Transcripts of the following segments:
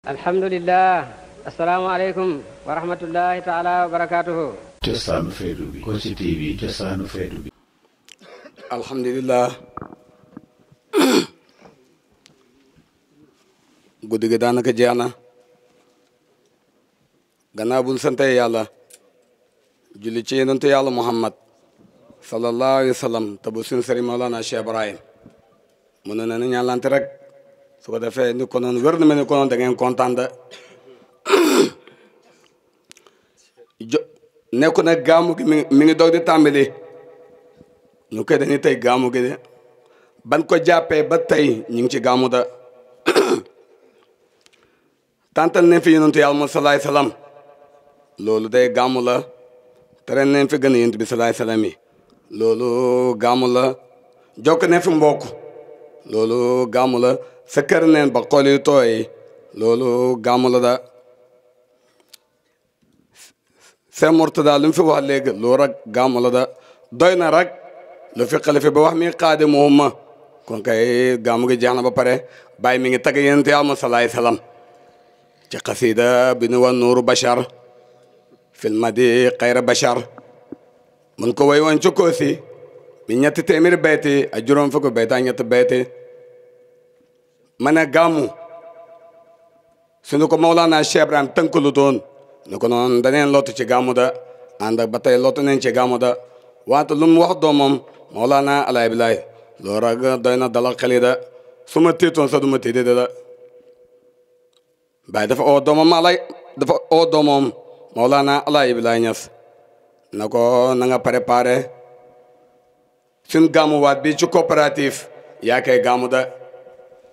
alhamdulillah asalaamaaleykum guddi gi daanaka jeex na gannaaw buñ sante yàlla julli ci yonentu yàlla muhammad sallallahu alayhi wa sallam te bu suñu mu ne na ñaan rek su ko defee ni ko noonu na ma ni ko noonu da ngeen kontaan de jo nekku nag gaamu gi mi ngi doog di tàmbali ñu koy dañuy tey gaamu gi de ban ko jàppee ba tey ñu ngi ci gaamu da tantal nañ fi yonentu yàlla moom salaay salaam loolu day gaamu la tere nañ fi gën a yonent bi salaay salaam yi loolu gaamu la jokk nañ fi mbokk loolu gaamu la fekkar neen ba xol yu tooy loolu gàmmu la da Seex Murtadaa lu mu fi wax léegi loolu rek gàmmu da doy na rek lu fi xalifa ba wax mi xaadi moom kon kay gàmmu gi jeex na ba pare bàyyi mi ngi tagg yéen te am salaay salaam ci xasida bi nu wan nuuru bachar fil madi xayra mun ko woy woon ci koosi mi ñetti téeméeri bayti ak juróom fukk bayti ak ñetti bayti ma ne gàmmu suñu ko Mawlana Cheikh Ibrahim tënkalu doon nu ko noonu daneen lottu ci gàmmu da ànd ak ba tey lottu nañ ci gàmmu da wante lu mu wax doomam Mawlana alaay bilaay loolu rek doy na dalal ma tiitoon sax du ma tiitee dafa oo doomam alaay na ko na nga préparé suñ gàmmuwaat bi ci coopérative yaa koy gàmmu da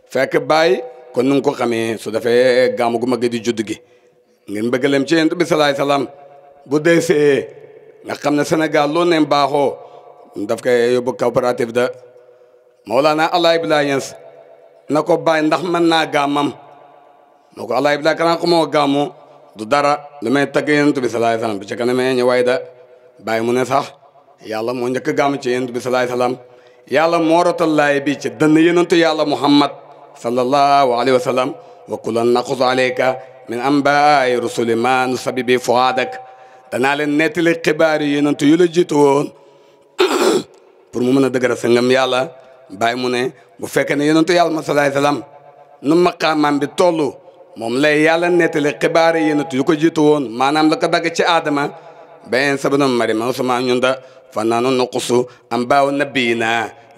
fekk baay kon nu nga ko xamee su defee gàmmu gu mag di judd gi ngeen mbëggalem ci yent bi salaay salaam bu deesee nga xam ne senegal loo ne baaxoo daf koy yóbbu coopérative de Mawlana Alaay Bilaa Ñas na ko bàyyi ndax mën naa gàmmam moo ko Alaay Bilaa kanaa ko moo gàmmu du dara lu may tagg yent bi salaay salaam bu ci kanamee ñu way da bàyyi mu ne sax yàlla moo njëkk gàmm ci yent bi salaay salaam yàlla moo rotal laay bi ci dënn yenentu صلى الله عليه وسلم وكل نقص عليك من أنباء رسل ما نسبب فؤادك danaa leen nettali xibaar yi pour mu mën a dëgëral sa ngëm yàlla bàyyi mu ne bu fekkee ne yonentu yàlla ma salaay salaam nu maqaamaam bi toll moom lay yàlla nettali xibaar yi yonent yu ko jiitu woon maanaam la ko dagg ci aadama beneen sabanam mari ma usuma ñun da fa am baaw nabiyina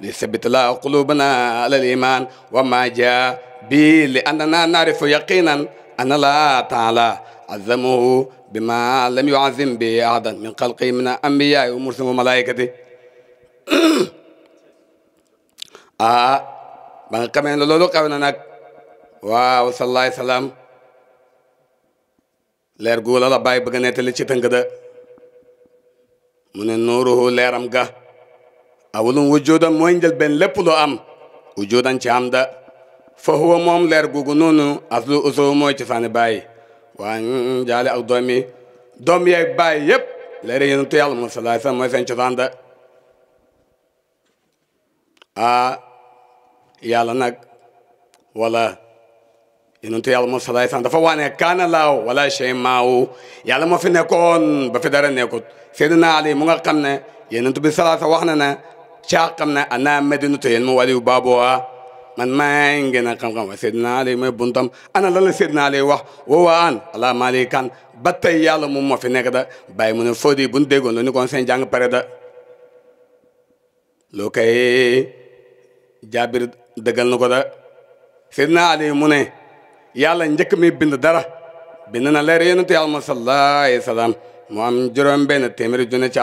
لثبت لا قلوبنا على الإيمان وما جاء به لأننا نعرف يقينا أن الله تعالى عظمه بما لم يعظم به أحدا من خلقه من أنبياء ومرسل وملائكته آه من كمان لولو كمان أنك waaw salaay salaam leer gu la la bàyyi bëgg a nettali ci tënk da mu ne nuuruhu leeram ga awulum wujudan mooy njëlbeen lépp lu am wujudan ci am da fa huwa moom leer googu noonu aslu usoo mooy ci baay waa jaale ak doom doom yeeg baay yëpp leer yonentu yàlla mu salaay sa mooy seen cosaan da a yàlla nag wala yonentu yàlla mu salaay waane kaana laaw wala shay maaw yàlla moo fi nekkoon ba fi dara nekkut Seydina Ali mu nga xam ne yonent bi salaay sa ne caqam na ana medinu te yelmu waliyu babowa man may ngena kam kam seydina ali may buntam ana lan la seydina ali wax wowa an ala kan ba tey yàlla moom moo fi nekk da bàyyi mu ne fodi buñ déggoon lu ni kon seen jàng pare da loo kay jaabir dëggal na ko da seydina ali mu ne yàlla njëkk mi bind dara bind na leer yonente yàlla ma sallallahu alayhi wa sallam mu am juróom benn téeméeri junne ci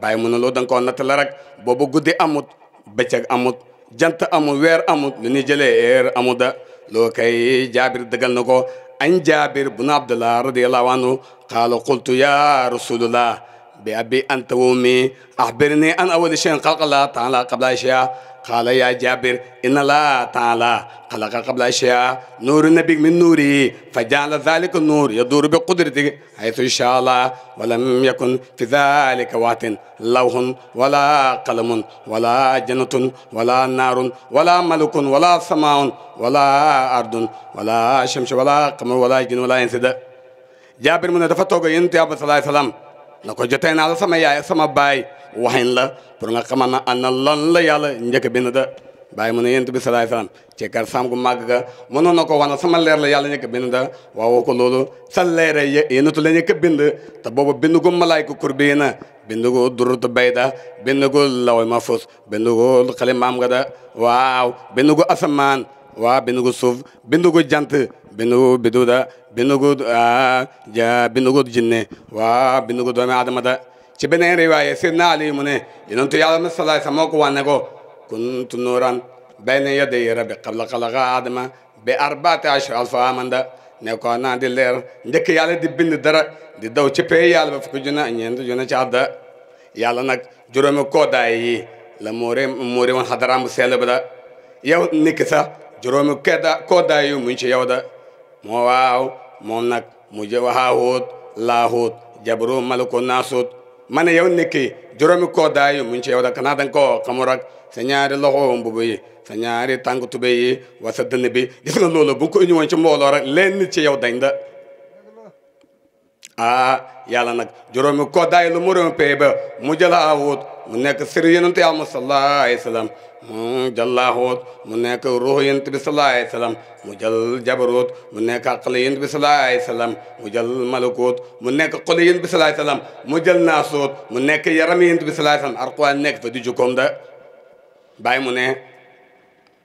bàyyi mu ne loolu da nga koo natt la rek boobu guddi amut bëccëg amut jant amut weer amut lu ñuy jëlee eer amut da loo kay jaabir dëggal na ko an jaabir bunu abdullah radiallahu anhu qaala qultu ya rasulullah bi abi anta wa ummi axbirni an awali cheyin xalqallah taala qabla ashyaa قال يا جابر إن الله تعالى خلق قبل أشياء نور النبي من نوري فجعل ذلك النور يدور بقدرته حيث إن شاء الله ولم يكن في ذلك وات لوح ولا قلم ولا جنة ولا نار ولا ملك ولا سماء ولا أرض ولا شمس ولا قمر ولا جن ولا إنسد جابر من دفتوك ينتي أبو صلى الله عليه وسلم na ko jotee naa sama yaay sama baay waxin la pour nga xamal na ana lan la yàlla njëkk bind da bàyyi mu ne yent bi salaay salaam ci kar saam gu màgg ga mënoon na ko wana sama leer la yàlla njëkk bind da waaw ko loolu sa leer yéenatu la njëkk bind te boobu bind gu malaay ko kur bii na bind gu durut bayda bind gu laway ma fus bind gu xale maam nga da waaw bind gu asamaan waaw bind gu suuf bind gu jant بنو بدودا بنقود آه جا بنقود جنة وبنقود وما عدم هذا تبنى رواية سيدنا علي منه إنهم تيالم الصلاة سموك وانكو كنت نورا بين يدي ربي قبل خلق آدم بأربعة عشر ألف عام ده نكونا دلير ندك يالا دبين درا ددو تبي يالا بفكجنا إني جنا شادا يالا نك جرم كودا يي لموري موري من حضرام سيلبدا يو نكسا جرم كدا كودا يو منشي يودا moo waaw moom nag mu jë waxaahuut laahuut jabru ko naasuut ma ne yow nekki juróomi koodaay mu ci yow rek xanaa danga koo xamul rek sa ñaari loxo mbubu yi sa ñaari tànk tube yi wa sa dënn bi gis nga loolu bu ko indi woon ci mbooloo rek leen nit ci yow dañ da ah yàlla nag juróomi koodaay lu mu réew pay ba mu jëla aawut mu nekk sir yonente yàlla sallallahu alayhi wa sallam mu jallaaxoot mu nekk ruux yent bi sallallahu alayhi wasallam mu jël jabaroot mu nekk aqal yent bi sallallahu alayhi wasallam mu jal malakoot mu nekk xol yent bi sallallahu alayhi mu jël naasoot mu nekk yaram yent bi sallallahu alayhi wasallam Alxuraan nekk fa di jukkoom da bàyyi mu ne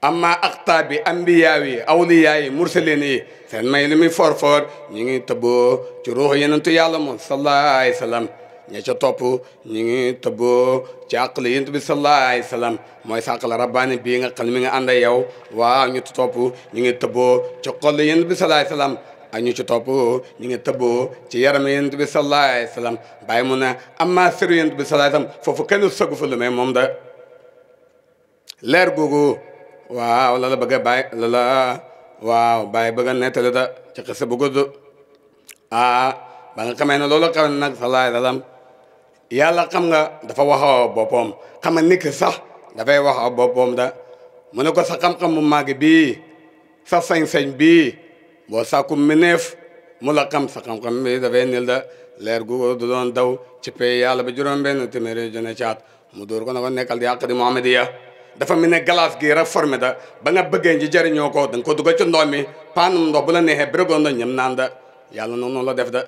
amma aqtaabi ambiyaa yi awliyaa yi yi seen may li muy for for ñu ngi tëbboo ci ruux yenentu yàlla moom sallallahu alayhi wasallam ña ca topp ñu ngi tëbboo ci àqal yonent bi sallallahu alayhi wa mooy sa àqal rabbaani bii nga xam mi nga ànd yow waaw ñu topp ñu ngi tëbboo ci xol yonent bi sallallahu alayhi wa sallam ak ñu ci topp ñu ngi tëbboo ci yaram yonent bi sallallahu alayhi mu ne amma siru yonent bi sallallahu alayhi wa sallam foofu kenn sëggu moom da leer bëgg a bàyyi lala waaw bàyyi da ci xisa bu ah, ne loolu yàlla xam nga dafa waxaw boppam xam nga nit ki sax dafay waxaw boppam da mu ne ko sa xam-xam mu màgg bii sa sañ-sañ bii boo sàkku mineef mu la xam sa xam-xam bi dafay nil da leer gu du doon daw ci pay yàlla ba juróom-benn téeméeri junne caat mu dóor ko na ko nekkal di àq di Muhammadiya dafa mel ne glace gi réformé da ba nga bëggee nji jëriñoo ko da nga ko dugal ci ndox mi paanum ndox bu la neexee bérégoon ndox ñem naan da yàlla noonu la def da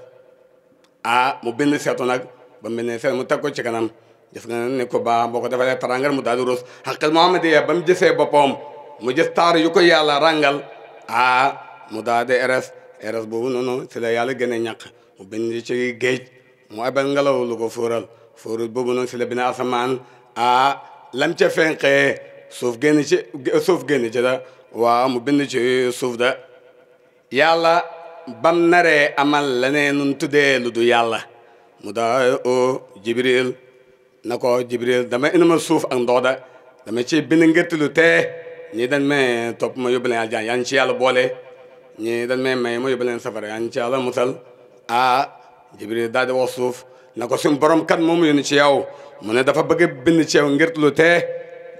ah mu bind seetu nag ba mel ne seen mu teg ko ci kanam gis nga ne ko baa boo ko defalee tarangal mu daal di rus xaqil muhammadiya ba mu jësee boppam mu jës taar yu ko yàlla rangal ah mu daal di eres eres boobu noonu si la yàlla gën a ñàq mu bind ci géej mu abel ngelaw lu ko fóoral fóoral boobu noonu si la bina asamaan ah lam ce fenqee suuf génn ci suuf génn ci da waaw mu bind ci suuf da yàlla bam naree amal leneen nun tuddee lu du yàlla mu daa oo oh, jibril na ko jibril dama indi ma suuf ak ndox da dama ci bind ngirtilu tee ñii dañ may topp ma yóbbu leen aljaan yan ci yàlla boole ñii dañ may may ma yóbbu leen safara yan ci yàlla musal ah jibril daal di wax suuf na ko suñu borom kat moom yónni ci yow mu ne dafa bëgg bind ci yow ngirtilu tee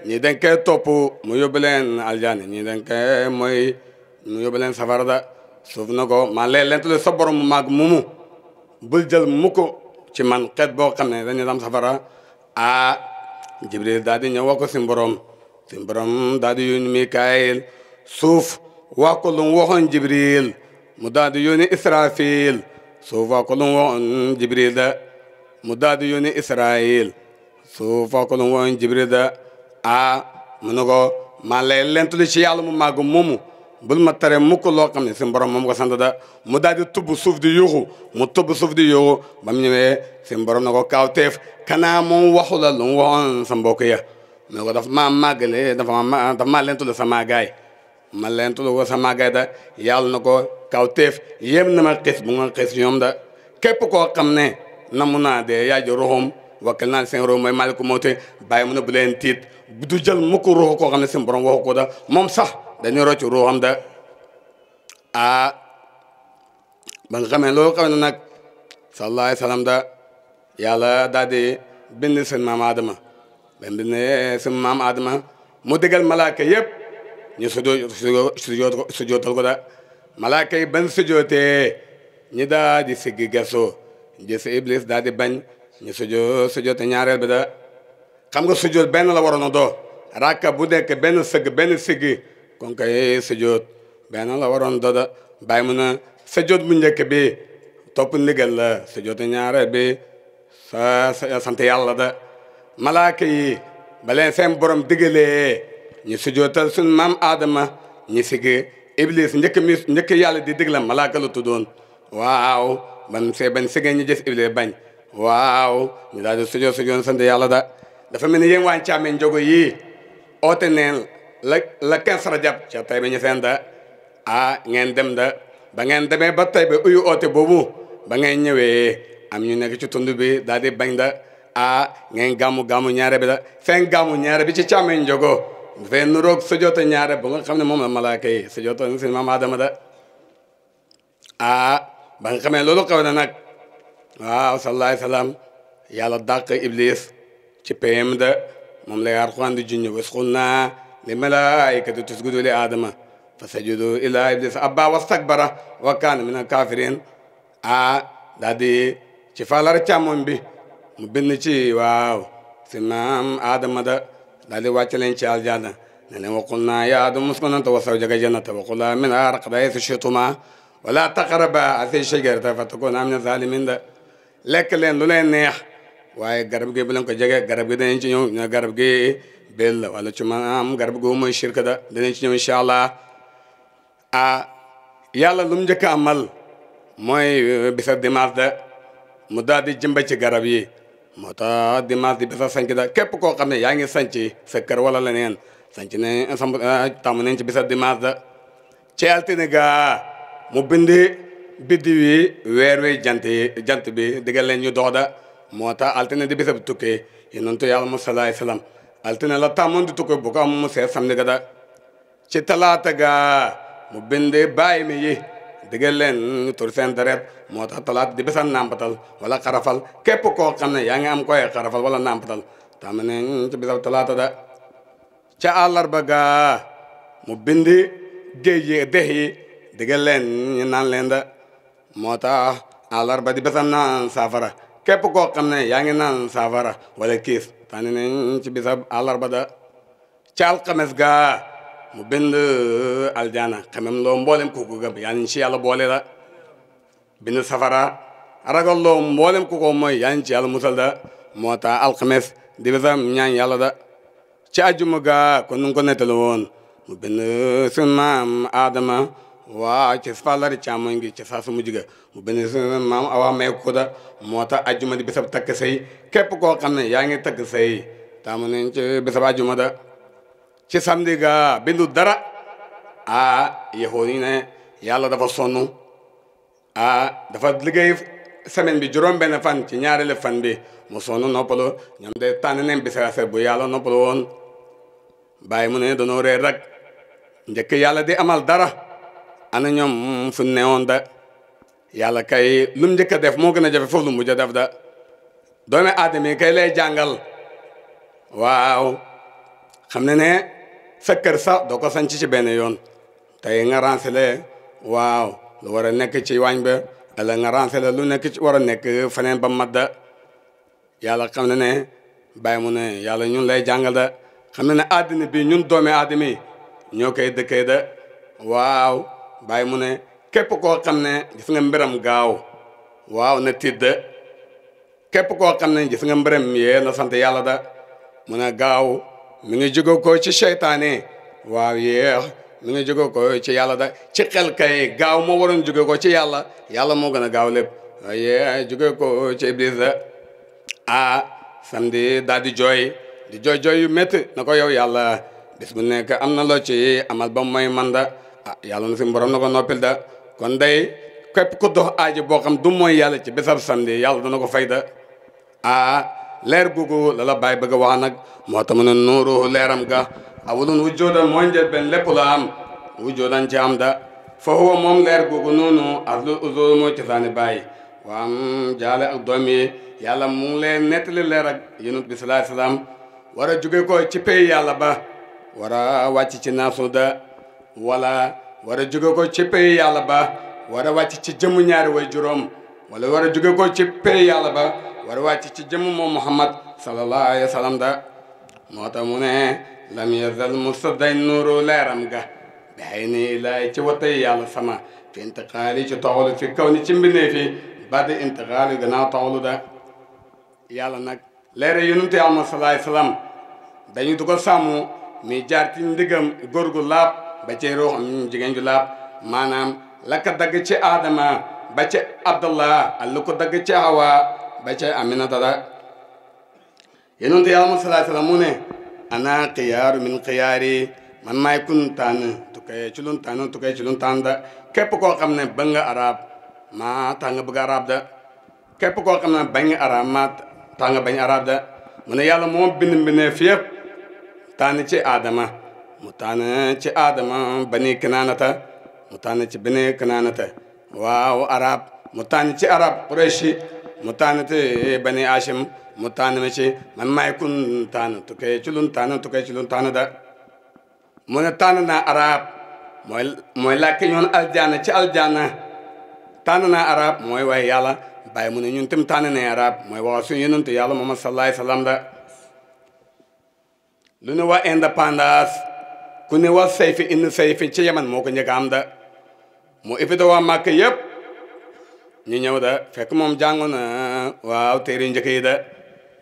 ñii dañ koy topp mu yóbbu leen nii ñii dañ koy mooy mu yóbbu leen safara da suuf na ko ma lee lentulu sa borom mu màgg bul jël mukk ci man ket boo xam ne dañu lam safara ah jibril daal di ñëw wax ko si mborom si suuf wax ko lu mu waxoon jibril mu daal di yónni israfil mu waxoon jibril da mu daal di israil suuf wax ko lu jibril da ah mu ne ko maa ci yàlla mu màgg moomu bul ma tere mukk loo xam ne si borom moom nga sant da mu daal di tubb suuf di yuuxu mu tubb suuf di yuuxu ba mu ñëwee si na ko kaawteef kanaa moom waxu sa mbokk ya mu ne ko dafa maa màggale dafa ma dafa maa lentul sa maagaay ma sa maagaay da na ko kaawteef yem na ma xis bu da képp koo xam ne namu naa de yaa ji naa seen ruux mooy maaliku mu bu leen tiit du jël mukk ruuxu koo moom sax dañu rocc ruuxam da a ba nga xamee loolu xam ne nag da yàlla daal di bind seen maam Adama ba bind seen maam Adama mu digal malaaka yëpp ñu sujoo sujoo sujootal ko da malaaka yi ban sujootee ñi daa di siggi gesoo gis iblis daal di bañ ñu sujoo sujoote ñaareel bi da xam nga sujoot benn la waroon a doo rakka bu nekk benn sëgg siggi kon kay sujjóot benn la waroon doda bàyyi mu na sujjóot bu njëkk bi topp ndigal la sujjóotu ñaareel bi sa sant yàlla da malaaka yi baleen seen borom digalee ñu sujjóotal suñ maam aadama ñi sigi iblis njëkk mi njëkk yàlla di digla malaaka la tuddoon waaw ban see bañ sigee ñu bañ waaw ñu daal di sujjóot sujjóot sant da dafa mel ni waa Thiamène Ndiogo yii oote la la quinze rajab ca Tayba Ñaseen da ah ngeen dem da ba ngeen demee ba Tayba uyu oote boobu ba ngeen ñëwee am ñu nekk ci tund bi daal di bañ da ah ngeen gàmmu gàmmu ñaare bi da sen gàmmu ñaare bi ci càmmeñ njogo fen nuroog sojoota ñaare ba nga xam ne moom la malaaka yi sojoota si maam Adama da nag waaw sallallahu yàlla dàq iblis ci pm da moom la Alxuraan di junj wasxul naa li malaikati tusjudu li aadama fa sajudu illa iblis abba wastakbara wa kaana min alkafirin a daa ci falar càmmoñ bi mu bind ci waaw si maam aadama da daa di wàcce leen ci aljanna ne leen waqul naa ya aadama uskunanta wa zawjaka jannata wa mina zaalimiin da lekk leen lu leen neex waaye garab gi bu ko jege garab gi dañu ci ñëw garab gi del la wala ci maanaam garab mooy shirka da danañ ci ñëw incha allah ah yàlla lu njëkk a amal mooy euh, bisa dimanche da mu daal di jëmba ci garab yi moo tax dimanche di bisa sanc da képp koo xam ne yaa ngi sanc sa kër wala leneen sanc ne euh, sam euh, tàmm nañ ci bisa dimanche da ci altine ga mu bindi biddi wi weer wi jant yi jant bi diggal leen ñu dox da moo tax altine di bisa bu tukkee yonentu yàlla mu salaay salaam altena tamandu di ko buka mo se samne gada ci talata ga mu binde baye mi yi len tur sen deret mo ta talat di besan nampatal wala karafal kepo ko xamne ya nga am koy karafal wala nampatal tamane ci bisab talata da ci alarba ga mu binde geje dehi digal len nan len da mo ta alarba di besan nan safara kep ko xamne ya nga nan safara wala kis tànn nañ ci bisab àllarba da ca alxames ga mu bind aljana xemem loo mboolem kooku gëm yaa ngi ci yàlla boole la bind safara ragal loo mboolem kooku mooy yaa ci yàlla musal da moo tax alxames di bisab ñaan yàlla da ci àjjuma ga kon nu ko nettali woon mu bind suñu maam Adama waaw ci fallari càmmoñ gi ci saa su mujj ga mu benn seen maam awaa may kuuda moo tax ajjuma di bisab takk sëy képp koo xam ne yaa ngi takk sëy taamu nañ ci bisab ajjuma da ci samedi ga bindu dara ah yexoo ni ne yàlla dafa sonn ah dafa liggéey semaine bi juróom benn fan ci ñaareelu fan bi mu sonn noppalu ñoom de tànn neen bisase bu yàlla noppalu woon bàyyi mu ne danoo reer rek njëkk yàlla di amal dara ana ñoom fu newoon da yàlla kay lu mu njëkk def moo gën a jafe foofu lu mujj a def da doomi aadama yi kay lay jàngal waaw xam ne ne sa kër sax doo ko sanc ci benn yoon tey nga ranselé waaw lu war a nekk ci waañ ba ala nga ranselé lu nekk ci war a nekk feneen ba mat da yàlla xam ne ne bàyyi mu ne yàlla ñun lay jàngal da xam ne ne àddina bi ñun doomi aadama yi ñoo koy dëkkee da waaw baay mu ne képp koo xam ne gis nga mbiram gaaw waaw na tidd képp koo xam ne gis nga mbiram yee na sant yàlla da mu ne gaaw mi ngi jóge ko ci seytaane waaw yeex mi ngi jóge ko ci yàlla da ci xel kay gaaw moo waroon jóge ko ci yàlla yàlla moo gën a gaaw lépp waaye jóge ko ci di jooy di jooy jooy na ko yow yàlla bis bu nekk am na loo ci amal ba man manda ah yàlla na suñu borom na ko noppil da kon day képp ku dox aaji boo xam du mooy yàlla ci bésab samedi yàlla dana ko fay da ah, leer googu la la bàyyi bëgg a wax nag moo tax mu ne nuuru leeram ga awulun wujjoodan mooy njël benn lépp la am wujjoodan ci am da fa huwa moom leer googu noonu aslul usul mooy cosaani bàyyi waa am jaale ak doom yi yàlla mu ngi leen nettali leer ak yonent bi salaay salaam war a jóge ko ci pay yàlla ba war a ci naasu da wala war a jóge ko ci pay yàlla ba war a wàcc ci jëmm ñaari way juróom wala war a jóge ko ci pay ba war a wàcc ci jëmm moom muhammad sallallahu alayhi wa da moo tax mu ne lam yazal musa dañ nuuru leeram ga baxey ni laay ci watay yàlla sama fi intiqaali ci toxalu fi kaw ni ci mbindee fi badi intiqaali gannaaw toxalu da yàlla nag leere yonente yàlla sallallahu alayhi sallam dañu du ko mi jaar ci ndigam góor gu laab ba ci ruux manam ju laab maanaam la ko dagg ci adama ba ci abdullah ak ko dag ci hawa ba ci aminata da yonent yàlla mu salaa ana qiyar min qiyari man may kun to kay ci lun to kay ci lun tan da kep ko xamne ba nga arab ta nga bëgg arab da kep ko xamne ba nga arab ma tàng bañ arab da mu ya ne yàlla moo bind mbindeef yëpp tan ci adama mu tànn ci aadama bani kinaanata mu tànn ci bani kinaanata waaw arab mu tànn ci arab qurayshi mu tànn ci bani hashim mu tànn mi ci man maay kun tànn tukkee ci lun tànn tukkee ci lun tànn da mu ne tànn na arab mooy mooy làkki ñoon aljanna ci aljanna tànn na arab mooy way yàlla bàyyi mu ne ñun tam tànn ne arab mooy wax suñu yonentu yàlla moom da lu ñu wax indépendance ku ne wa sayfi inn sayfi ci yaman moo ko njëkk am da mu de waa màkk yëpp ñu ñëw da fekk moom jàngu na waaw téere njëkk yi da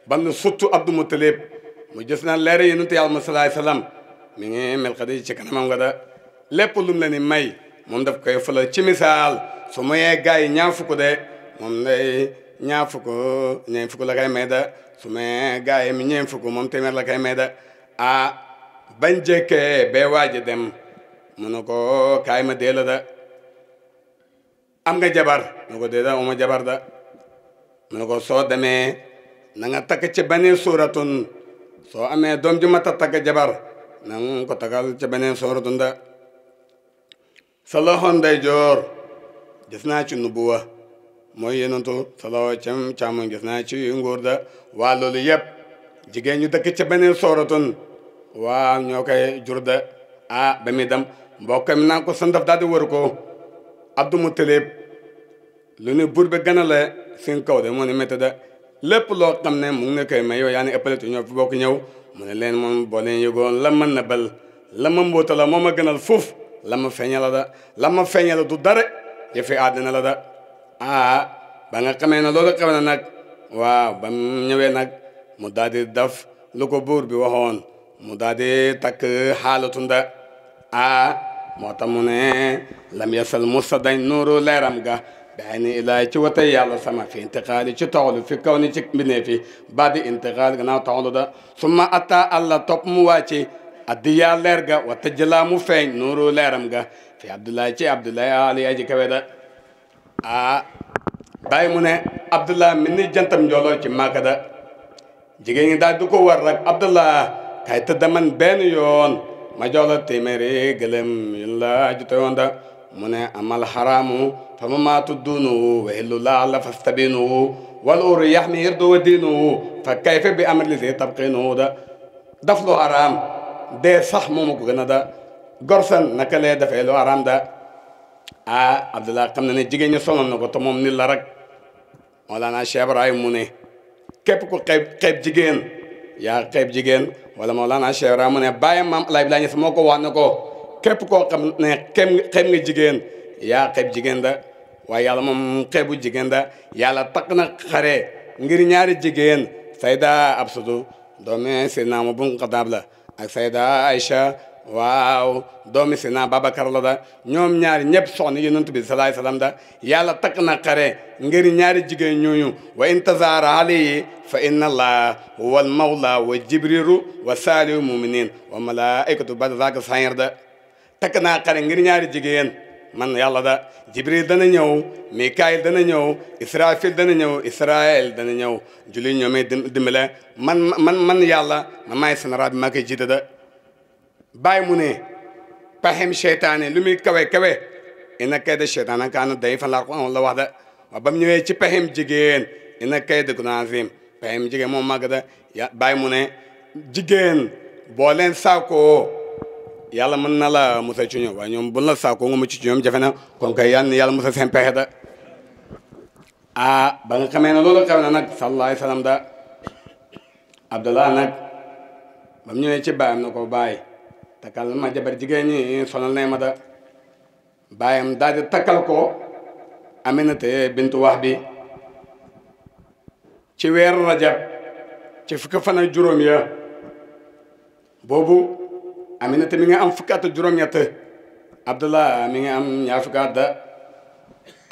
bam na surtout Abdou mu gis na leere yonente yàlla ma salaay salaam mi ngi ci kanamam nga da lépp lu mu ni may moom daf koy fëlal ci misaal su mayee gars yi ñaar fukk de moom lay ñaar fukk ñeen fukk la koy may da su mayee gars yi mi ñeen fukk moom téeméer la koy may da ah bañ jëkkee bee waaji dem mu ne ko kaay ma dee la da am nga jabar mu ko dee da uma jabar da mu ko soo demee nanga nga takk ci beneen suuratun soo amee doom ji mat a takk jabar na nga ko takkal ci beneen suuratun da sa loxo ndeyjoor gis naa ci buwa mooy yenentu sa loxo cam càmmoñ naa ci nguur da waa loolu yëpp jigéen ñu dëkk ci beneen suuratun waaw ñoo koy jur de ah ba muy dem mbokkam naa ko sandaf daal di wër ko Abdou Moutalib lu ne buur bi gën a la seen kaw de moo ne métti de lépp loo xam ne mu ngi ne koy may yow yaa ñoo fi bokk ñëw mu ne leen moom boo leen yëgoon la ma nëbbal la ma mbóota la moo ma gënal foofu la ma feeña la da la ma feeña la du dara yëfi àddina la da ah ba nga xamee ne loolu xamee na nag waaw ba ñëwee nag mu daal daf def lu ko buur bi waxoon mu daal di takk xaalatunda a moo tax mu ne lam yasal musa dañ nuuru leeram ga daa ni ilaay ci watay yàlla sama fi intixaali ci taxalu fi kaw ni ci mbinee fi ba di intixaal gannaaw da summa atta allah topp mu wàcci addiyaa leer ga wa tëjjlaa mu feeñ nuuru leeram ga fi abdoulaye ci abdoulaye ali aji kawe da a bàyyi mu ne abdoulaye min ni jantam njooloo ci màkka da jigéen ñi daal du ko war rek ay tëdda man benn yoon ma jox la téeméeri gëlëm yun la jote woon da mu amal xaraamu fa ma maatu duunuwu wa hillu laa la fastabinuwu wal uru yaxmi yirdu wa diinuwu fa kayfa bi amri si tabqinuwu da daf lu xaraam dee sax moomu ko gën da gorsan naka lee dafay lu xaraam da ah Abdullah xam na ne jigéen ñi sonal na ko te moom nit la rek Mawlana Cheikh Ibrahim mu ne képp yaa xeeb jigéen wala Mawlana Cheikh Ibra mu ne bàyyam maam El Hadj Abdoulaye Niass moo ko wax ne ko képp koo xam ne xeeb nga jigéen yaa xeeb jigéen da waaye yàlla moom xeebu jigéen da yàlla takk na xare ngir ñaari jigéen sayda Absudu doome Seydina Umar bun Xataab la ak sayda Aïcha waaw doomi si naa Babacar la da ñoom ñaari ñëpp soxna yonent bi salaay salaam da yàlla takk na xare ngir ñaari jigéen ñooñu wa in tazaara alayhi fa inna allah huwa al mawla wa jibrilu wa saalihu muminin wa malaikatu bada zaaka sayer da takk naa xare ngir ñaari jigéen man yàlla da jibril dana ñëw mikail dana ñëw israfil dana ñëw israel dana ñëw juli ñoomee dimbale man man man yàlla ma maay seen raab bi maa koy jiite da baay mu ne pexem seytaane lu muy kawe kawe ina kayda seytaane kaana dayfa laa ko la wax da waaw ba mu ñëwee ci pexem jigéen ina kayda ko azim pexem jigéen moom màgg da bàyyi mu ne jigéen boo leen saakoo yàlla mën na la musa ci ñoom waaye ñoom bu saako saakoo nga mucc ci ñoom jafe na kon kay yàlla na yàlla musa seen pexe da ah ba nga xamee ne loolu xew na nag sallallahu alayhi wa sallam da abdallah nag ba mu ci bàyyam na ko bàyyi takkal ma jabar jigéen ñi sonal nay ma da baayam daal di takkal ko Aminata bintu wax bi ci weer rajab ci fukki fan ak juróom ya boobu Aminata mi ngi am fukki at juróom-ñett Abdullah mi ngi am ñaar fukki at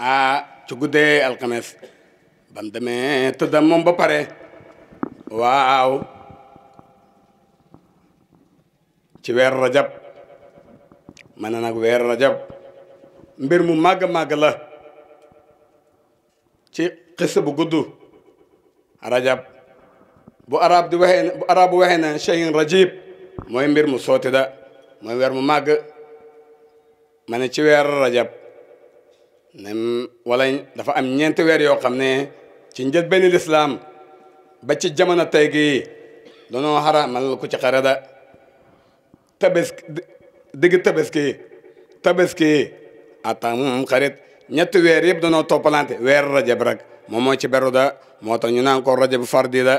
a ci guddee alxames bam demee tëddam moom ba pare waaw ci weer rajab ma ne nag weer rajab mbir mu màgg màgg la ci xissa bu gudd rajab bu arab di waxee bu arab bu rajib mooy mbir mu sooti da mooy weer mu màgg ma ne ci weer rajab ne wala dafa am ñeenti weer yoo xam ne ci njël benn lislaam ba ci jamono tey gi danoo xaramal ku ci xare tabaski digg tabaski tabaski atam karit ñetti weer yëpp danoo toppalante weer rajab rek moom moo ci beru da moo tax ñu naan ko rajab fardi da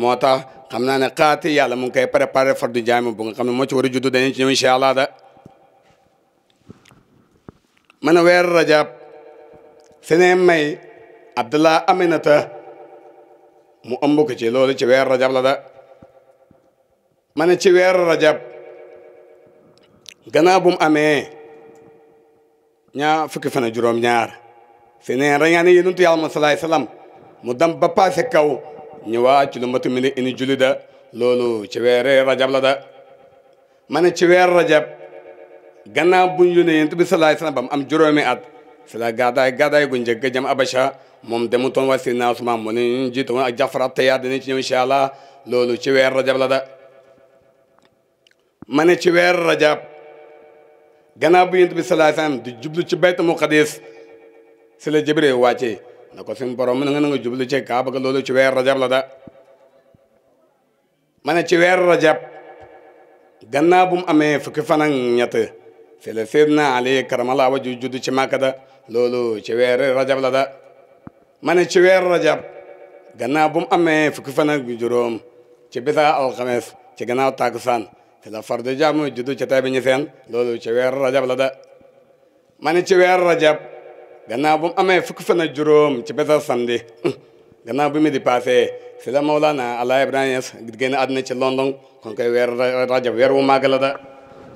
moo tax xam naa ne xaati yàlla mu ngi koy préparé fardu jaami bu nga xam ne moo ci war a juddu dañu ci ñëw incha allah da ma ne weer rajab sene may abdullah aminata mu ëmb ci loolu ci weer rajab la da ma ne ci weer rajab gannaaw bu mu amee ñaa fukki fan a juróom-ñaar si neen rañaane yonentu yàlla ma salaay salaam mu dem ba passé kaw ñëwaat ci lu matu mi ne ini julli da loolu ci weere rajab la da ma ne ci weer rajab gannaaw buñ yónnee yonent bi salaay ba mu am juróomi at la gàddaay gàddaay gu njëkk jëm Abacha moom demu toon waa Seydina Usmaan ak Jafar Tayyaar dinañ ci ñëw incha allah la da mane ne ci weer rajab gannaaw bu yent bi sallallahu alayhi di jublu ci baytu muqaddas si la jibril wàccee na ko suñu boro na nga na jublu ci kaaba ga loolu ci weer rajab la da ma ci weer rajab gannaaw bu amee fukki fana ak ñett si la seydna ali karamallahu ci màkka da ci weer rajab la da ci weer rajab gannaaw bu amee fukki fan ak ci bisa alxames ci gannaaw tàkkusaan fi la fardu jaamu juddu ca tay bi ñu loolu ci weeru rajab la da ma ne ci weeru rajab gannaaw bu mu amee fukki fan ak juróom ci bésal samedi gannaaw bi mi di passé si la Mawlana Alaa Ibrahima Niass génn àddina ci London kon koy weeru rajab weer wu màgg la da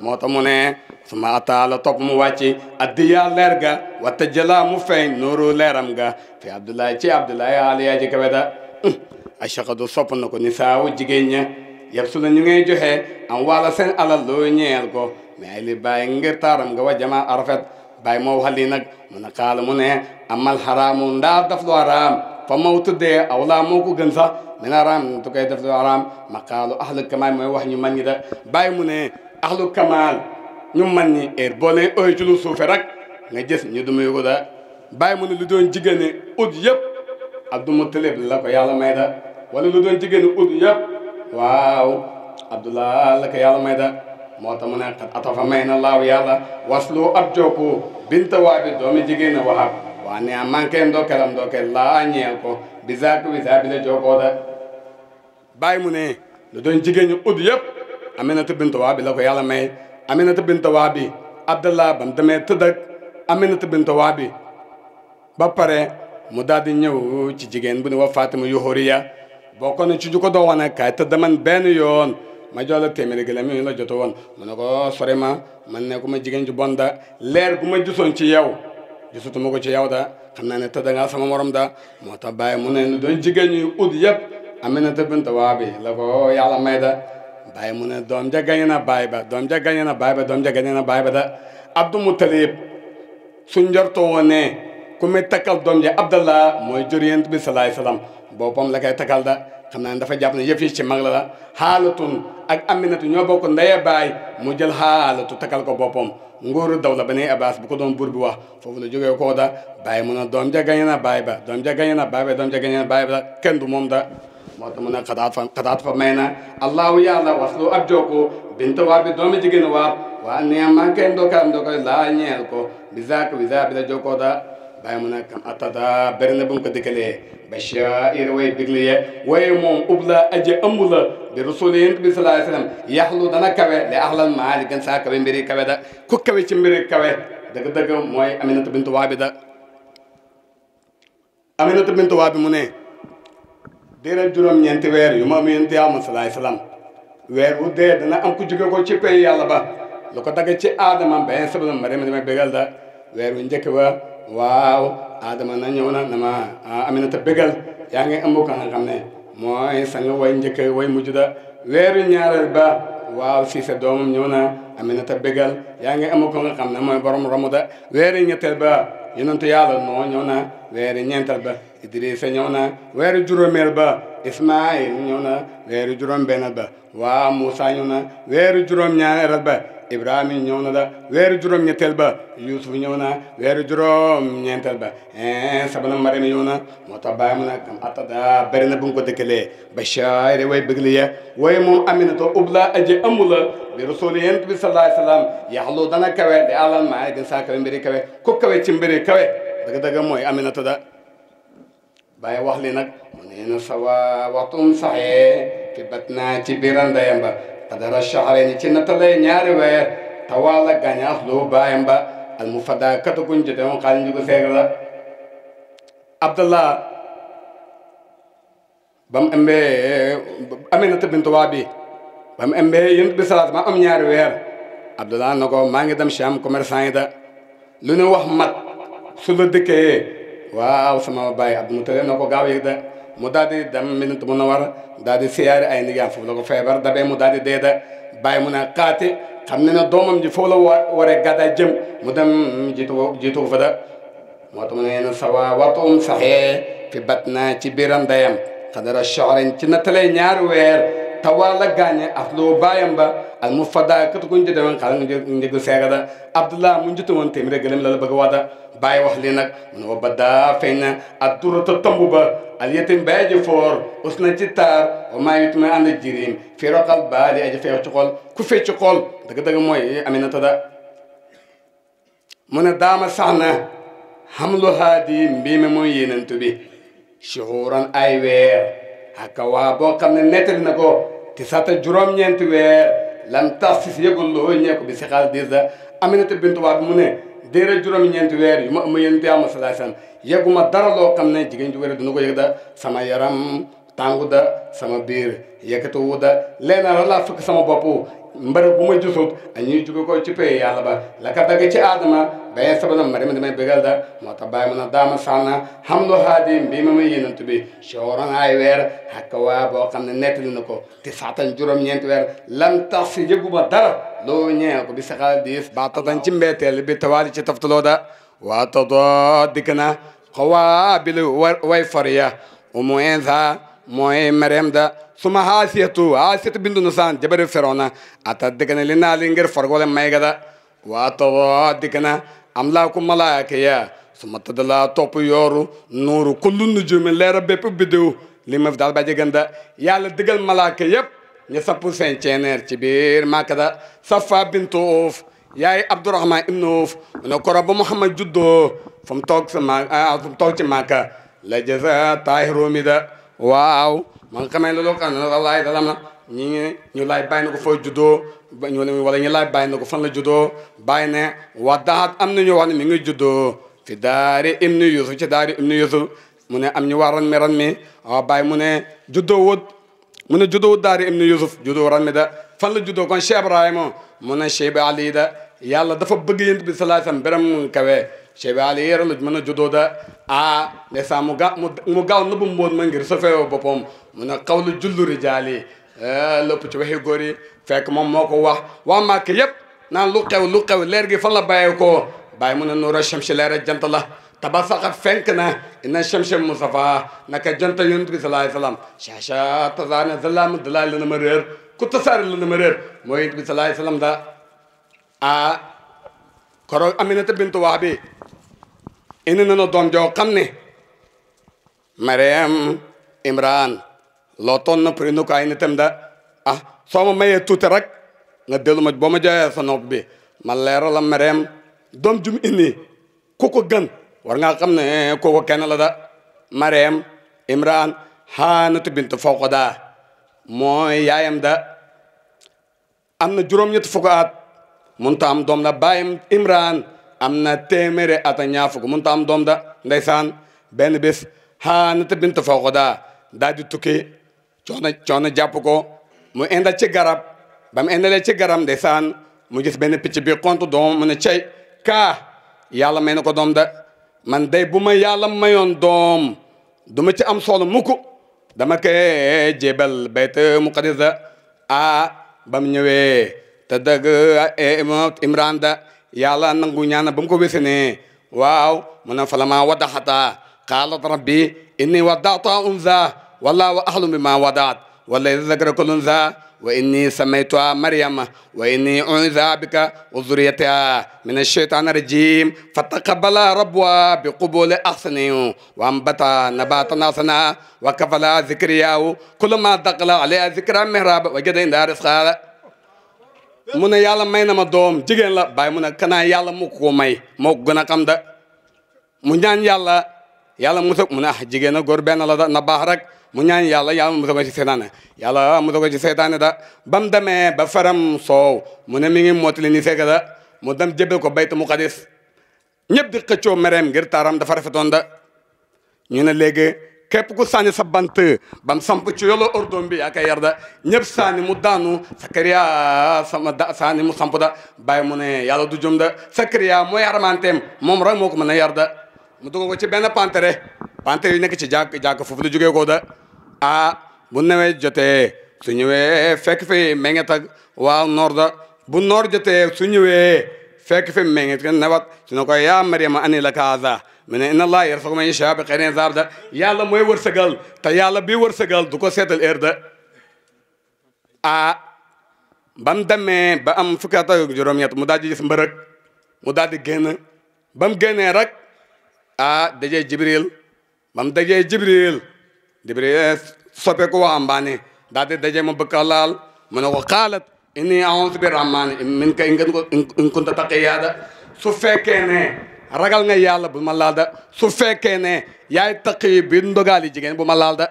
moo tax mu ne suma ataala topp mu wàcci addiya leer ga watta jëla mu feeñ nuuru leeram ga fi Abdoulaye ci Abdoulaye aliya ji kawe da achaqadu sopp na ko nisaawu jigéen ña يبسل نيغي جوهي ان والا سن على لو نيال كو مالي باي نغير تارم غوا جما عرفت باي مو حالي نك من قال من اما الحرام دا دفلو حرام فموت دي اولا موكو غنسا من حرام تو كاي دفلو حرام ما قالو اهل كمال مو واخ ني ماني دا باي من اهل كمال ني ماني اير بوني اوي جلو سوف رك nga jëf ñu duma yugo da bay mu ne lu doon jigeene ut yëpp ak duma tëleb la ko waaw abdullah la ko yàlla may da moo tax mu ne atafa may na laaw yàlla waslu ab jokku binta waa doomi jigéen waxab waa a manqué ndokkelam ndokkel laa ñeel ko bi la jokkoo da mu ne lu doon jigéen ñu ut yëpp aminata binta waa bi la ko binta waa bi abdallah bam demee tëdd binta waa ba pare mu daal ñëw ci jigéen bu ne wa fatima yuhuriya bokkoon ci ñu ko doo woon ak kaay tëdd man benn yoon ma jox la téeméeri gëlëm mi la joto woon mu ne ko sori ma man ne ku ma jigéen ju bon da leer gu ma gisoon ci yow gisutuma ko ci yow da xam naa ne tëdd ngaa sama morom da moo tax baay mu ne doon jigéen ñuy ut yëpp Aminata bint Wahbi la ko yàlla may da bàyyi mu ne doom ja gañe na baay ba doom ja gañe na baay ba doom ja gañe na baay ba da Abdou Moutalib su njortoo woon ne ku muy takkal doom ja Abdallah mooy jur yent bi salaay salaam boppam la koy takkal da xam naa ne dafa jàpp ne yëf yi ci mag la la xaalatun ak aminatu ñoo bokk ndeye baay mu jël tu takkal ko boppam nguuru daw la ba ne abbas bu ko doon buur bi wax foofu la jógee koo da baay mu ne doom ja na baay ba doom ja gañe na baay ba doom ja gañe na baay ba kenn du moom da moo tax mu ne xadaat fa xadaat fa may na allahu yàlla waslu ab jokku binta waa bi doomi jigéen waa waa ne ma kenn dokaam dokoy laa ñeel ko bisaak bisa bi la jokkoo da baay mu ne kam attada bu ko dikkalee bashair way bigli ye waaye moom ubla aje ëmb la bi rasuli yent bi sallallahu alayhi wasallam yaxlu dana kawe li ahlal maali gën kawe mbiri kawe da ku kawe ci mbiri kawe dëgg-dëgg mooy aminata bintu waabi mu ne diiral juróom-ñeenti weer yu ma am yent yaa sallallahu alayhi wasallam weer wu dee dana am ku ko ci pay yàlla ba lu ko ci aadama benn sabana ma rema dama bégal da weer wu njëkk ba waaw Adama na ñëw na dama ah, Aminata bégal yaa ngi am ko nga xam ne mooy sang way njëkk way mujj da weeru ñaareel ba waaw si sa doomam ñëw na Aminata bégal yaa ngi am ko nga xam ne mooy borom Ramuda weeru ñetteel ba yonentu yàlla moo ñëw na weeru ñeenteel ba Idrissa ñëw na weeru juróomeel ba Ismaïl ñëw na weeru juróom-benneel ba waaw Moussa ñëw na weeru juróom-ñaareel ba. ibrahima ñëw na weeru juróom-ñetteel ba yusuf ñëw na weeru juróom-ñeenteel ba sabana mariama ñëw na moo tax bàyyi mu ne kam attada bëri na bu nga ko dëkkalee bashari way bëgg li ya way moom aminata ubla aje amula bi rasuli yent bi kawe di àllan maa gën saa kawe mbiri kawe ku kawe ci mbiri kawe dëgg-dëgg mooy aminata da bàyyi wax li nag mu ne na sawa waxtum saxee fi bat naa ci biirandayam qadara shahrayni ci nattalee ñaari weer tawalla gañaas loo baayam ba al mu fadaa katakuñ jote woon xaalis njugu seeg la abdallah ba bintu Wahab ba mu ëmbee yonent bi salaat ma am ñaari weer abdallah na maa ngi dem Sham commerçant yi da lu ñu wax mat su la dëkkee waaw sama baay Abdou Moutalib na ko gaaw yi mu daal di dem minute mun war daal di siyaari ay ndigaam feebar dabee mu daal di dee da bàyyi mu ne xaati xam ne ne doomam ji foofu la waree gàddaay jëm mu dem jiitu jiitu fa da moo tax mu ne na sawa watum saxee fi bat naa ci biiram ndeyam xadara shoxren ci nattalay ñaari weer tawaa la gaañe af loo bàyyam almu fadda kata ko jete won kala jegu seegada abdoullah mu juttu won temire gëlem lala bëgg wada bàyyi wax li nag mu ne wa badda feeñ na ak durata tomb ba alyetim bayaji foor us na taar wa maa yit may jirim fi roqal baali aji feew ci ku fecc ci xol dëgg mooy aminata da mu ne daama sax na xamlu haadi mbiime mooy yéenantu bi shuhuran ay weer xakka waa boo xam ne nettali na ko ti sata juróom-ñeenti weer lan tas si yëgul loolu ñeeku bi si a dèjà Aminata bintu Wahab mu ne déere juróom-ñeenti weer yu ma ëmb yénte ama salaay san yëguma dara loo xam ne jigéen ji wér dina ko yëg da sama yaram tàngu da sama biir yëkkatiwu da leena la laa fëkk sama bopp mbërë bu ma jusut añuy juge ko ci pay yàlla ba la ka dagg ci aadama baye sabana mari ma damay da moo tax bàyyi mën a daama sànna xam lu haadi mbii ma may yénant bi sooron weer hakka waa boo xam ne nettali na ko te saatan juróom-ñeenti weer lan tax si yëguma dara loo ñeel ko bi saxal diis baatatan ci mbeeteel bi tawaali ci taftaloo da waa todo dikk na xawaa bi lu way foriya umu insa mooy merem da suma hasiyatu hasiyatu bindu nusan jabari ferona ata dikana lina lingir fargole maygada watawa dikana amla kumala akiya suma tadala topu yoru nuru kullu nujumi lera bepu bidu lima fdal baje ganda yalla digal malaka yep ne sapu sen chener ci bir makada safa bintu of yaay abdurrahman ibn of no korabo muhammad juddo fam tok sama fam tok ci maka la jaza tahirumida waaw ma nga xamee ne loolu kan laay dara na ñi ngi ñu laay bàyyi na ko fooy juddoo ñu ne wala ñu laay bàyyi na ko fan la juddoo bàyyi na wa daat am na ñu wax ne mi ngi juddoo fi daari ibnu yusuf ci daari ibnu yusuf mu ne am ñu waa ran mi ran mi mu ne juddoo wut mu ne juddoo wut daari ibnu yusuf juddoo ran mi da fan la juddoo kon Cheikh Ibrahima mu ne Cheikh Ali da yàlla dafa bëgg yent bi sallallahu san wasallam beram chevalier la mën a juddoo da ah ndeysaan mu ga mu gaaw nëbbu mboon ma ngir sa feewu boppam mu ne xaw lu jullu rijaal yi eh, lépp ci waxi góor yi fekk moom moo ko wax waa màkk yëpp naan lu xew lu xew leer gi fan la bàyyee ko bàyyi mu ne nuura shamsi leer ak jant la tabasaxat fenk na ina shamsi musafa naka jant yonent bi salaay salaam chacha tasaane zalaam dalaay la na ma réer ku tasaare la na ma réer mooy yonent bi salaay salaam da ah koro aminata bintu wax bi indi na doom joo xam ne imran loton na prix nu tam da ah soo ma mayee tuuti rek nga dellu ma boo ma joxee sa nopp bi ma mariam doom jum indi ku ko gën war ngaa xam ne kooku kenn la da mariam imran xaanatu bint fawqa daa mooy yaayam da am na juróom-ñetti fukk at mun ta am doom la imran am na téeméeri at ak ñaar fukk mënut a am doom da ndeysaan benn bés Haanata bint Fawqada daal di tukki coono coono jàpp ko mu indal ci garab ba mu indalee ci garab ndeysaan mu gis benn picc bi compte doom mu ne cey kaa yàlla may na ko doom da man day bu ma yàlla mayoon doom du ci am solo mukk dama koy jébal bayt muqaddis da a ah, ba mu ñëwee te dëgg ah, eh, Imraan da yàlla nangu ñaanam ba mu ko weesanee waaw mu falama wadaxata qaalat rabbi inni wadaata unza wa ahlu bima wadaat wala zakara kulunza wa inni samaytuha maryama wa inni unza bika wa zuriyataha min ar-rajim fataqabbala rabbuha biqubuli ahsani wa ambata nabata nasana wa kafala zikriyahu kulama daqala alayha zikra mihrab wajada indaha risqa mu ne yàlla may na ma doom jigéen la baay mu ne kanaa yàlla mu ko may moo ko gën a xam da mu ñaan yàlla yàlla musa mu ne ah jigéen a góor benn la da na baax rek mu ñaan yàlla yàlla musa ko ci seytaane yàlla musa ko ci seytaane da ba mu demee ba faram soow mu ne mi ngi mootali ni seega da mu dem jébal ko mu muqaddis ñëpp di xëccoo mereem ngir taaram dafa rafetoon da ñu ne léegi képp ku sànni sa bant bam samp ci yolo ordon bi yaa koy yar da ñëpp sànni mu daanu Sakariya sama da sànni mu samp da bàyyi mu ne yàlla du jum da Sakariya mooy armanteem moom rek moo ko mu dugal ko ci benn pantere pantere yi nekk ci jàkk jàkk foofu la jógee koo da ah bu newee jotee su ñëwee fekk fi menget ak waa noor da bu noor jotee su ñëwee fekk fi menget ak newat su ne ko Mariama ani la من إن الله يرفع من يشاب قرين زار ده يا الله مي ورسقال تا يا الله بي ورسقال دوكو سيد الإرد ا بندم بام فكاتا جروميات مداجي جسم برك مدادي جن بام جن رك ا دجي جبريل بام دجي جبريل جبريل سوبيكو امباني دادي دجي مبكالال من وقالت اني اعوذ برحمن منك ان كنت تقيادا سو ragal nga yàlla bu ma laal da su fekkee ne yaay taqi bi ndogaali jigéen bu ma laal da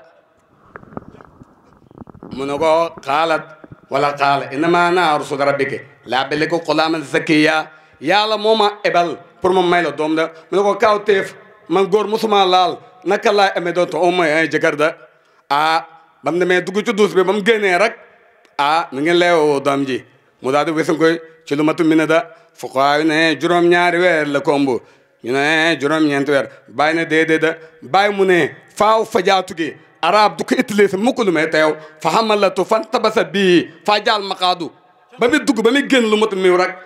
mu ne ko xaalat wala xaala innama ana rasul rabbika laa beliku xulaaman zakiya yàlla moo ma ebal pour moom may la doom da mu ne ko kaw teef man góor musuma laal naka laa amee doon te au moins da ah ba mu demee dugg ci duus bi ba mu génnee rek ah mu daal di koy ci lu matu mi da fuqaa yi ne juróom-ñaari weer la kombu ñu ne juróom-ñeenti weer bàyyi ne déedéet da mu ne faaw fa fajaatu gi arab du ko utilisé mukk lu may teew fa xamalatu fan tabasa bii faa jaal maqaadu ba muy dugg ba muy génn lu matu miw rek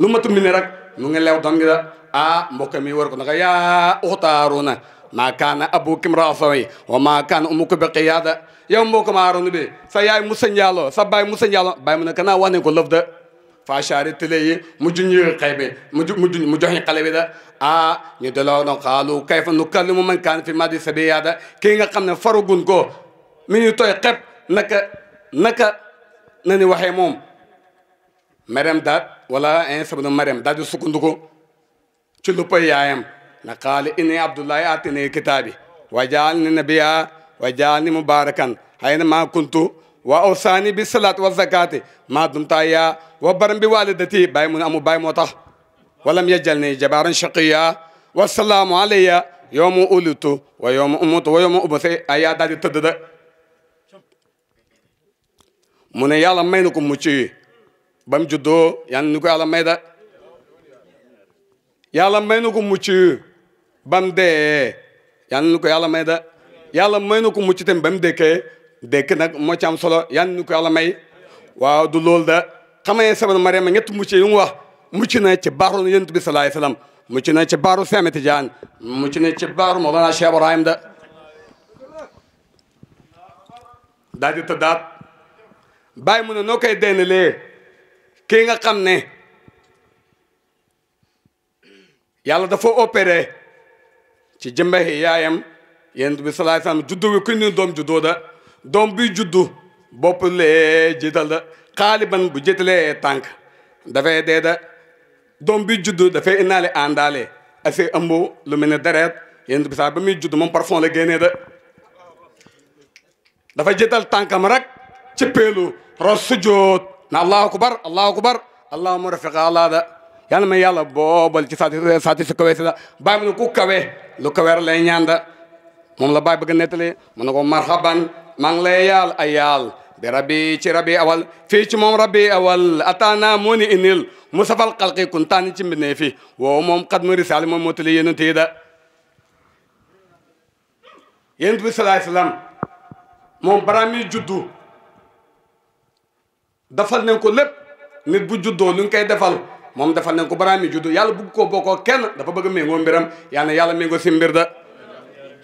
lu matu mi ni rek mu ngi leew doom gi da ah mbokk mi war ko naka yaa uxtaaru na maa kaana abu kim raasawi wa maa kaana umu ko beqi yaada yow mbokk ma aaronu bi sa yaay musa sa baay musa njaaloo baay mu ne kanaa wax فأشارت لي مجني قيبة مجني قلبي ده آه يدلون قالوا كيف نكلم من كان في مادي سبي هذا كينا قمنا فرقون كو من يتوي قب نك نك نني وحي موم مريم داد ولا إن سبنا مريم داد سكون دكو تلو بي آيام نقال إني عبد الله آتني كتابي وجعلني نبيا وجعلني مباركا حينما كنت وأوصاني بالصلاة والزكاة ما دمت يا وبرم بوالدتي باي من أمو باي موتا ولم يجلني جبارا شقيا والسلام علي يوم ولدت ويوم أموت ويوم أبث أيا دادي تدد من يالا مينكم موتي بام جدو يان يعني نكو يالا ميدا يالا مينكم موتي بام دي يان يعني نكو يالا ميدا يالا مينكم موتي تم بام ديكي dégg nag moo am solo yan ñu ko yàlla may waaw du loolu da xamane saban mariama ñett mucc yu mu wax mucc na ci baaru yent bi salaay salaam mucc na ci baaru Seex Ahmed Tijaan mucc na ci baaru Mawlana Cheikh Ibrahim da daal di tëddaat bàyyi mu ne noo koy denlee kii nga xam ne yàlla dafa opere ci jëmbaxi yaayam yent bi salaay salaam juddu wi ku ñu doom juddoo da doom bi juddu bopp lee jiital da xaaliban bu jiitalee tànk dafay dee da doom bi juddu dafay indaale àndaale assez ëmb lu mel ne deret yéen bi saa ba muy juddu moom parfum la génnee da dafa jiital tànkam rak ci peelu ros sujjoot na allahu akbar allahu akbar allahuma rafiqa allah da yàlla may yàlla boobal ci saati saati si kawe si la bàyyi mu ku kawe lu kawer lay ñaan da moom la bàyyi bëgg nettali mu ne marhaban maa ngi lay yaal ay yaal bi rabbi ci rabbi awal fii ci moom rabbi awal ataana moo ni inil musafal xalqi kuntaani ci mbinee fi wow moom xad mu risaali moom moo tali yéen tii da yéen bi salaay salaam moom bara mi juddu defal nañ ko lépp nit bu juddoo lu ngi koy defal moom defal nañ ko bara mi juddu yàlla bugg koo bokkoo kenn dafa bëgg a méngoo mbiram yàlla na yàlla méngoo si mbir da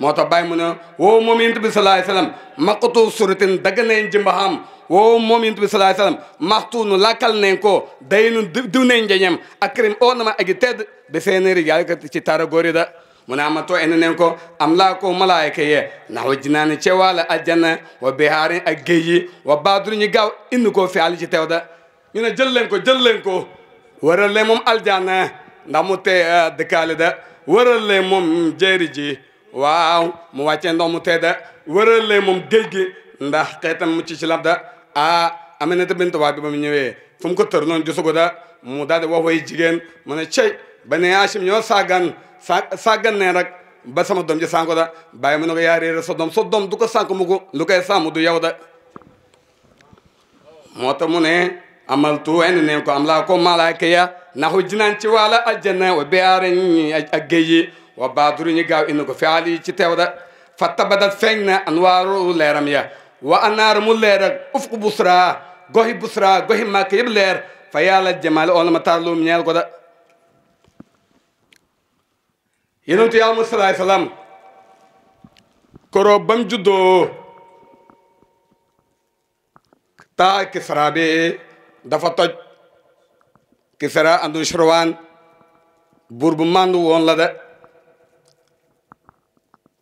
moo tax baay mu ne woo moom yonent bi salaay salaam maqatu suratin dagg nañ jëmbaxam woo moom yonent bi salaay salaam maxtuunu lakkal nañ ko day nu diw nañ njeñem akrim o nama agi tedd be seeneri yàlla ci tara góori da mu ne ama to ene nen ko am laa ko malaayka ye naxu jinaani cewaala aljanna wa bihaarin ak géej yi wa baaduru ñu gaaw indi ko fi ali ci teew da ñu ne jël leen ko jël leen ko waral leen moom aljanna ndax mu te ah, dëkkaale da waral leen moom jeeri ji waaw mu wàccee ndox mu tedda wëralee moom géej gi ndax xeetam mu ci ci lab da ah Aminata bint Wahb ba mu ñëwee fu mu ko tër da mu daal di wax way jigéen mu ne cey ba ne Hachim ñoo saagan sa saagan ne rek ba sama doom ji sànko da bàyyi mu ne ko yaa réere sa doom sa doom du ko sànk mu ko lu koy sàmm du yow da moo tax mu ne amal tu en ne ko am laa ko malaaka ya naxu jinaan ci wàlla aljanna wa biyaare ak géej yi wa baaduru ñu gaaw indi ko fi ali teew da fa tabadat feeñ na anwaaru leeram ya wa anaar mu leer busra goxi busra goxi màkk yëpp leer fa yàlla jamaale oona ma tarlum ñeel ko da yenentu yàlla mu salaay salaam koroo bam juddoo taa kisra bi dafa toj kisra andu shirwaan buur bu màndu woon la de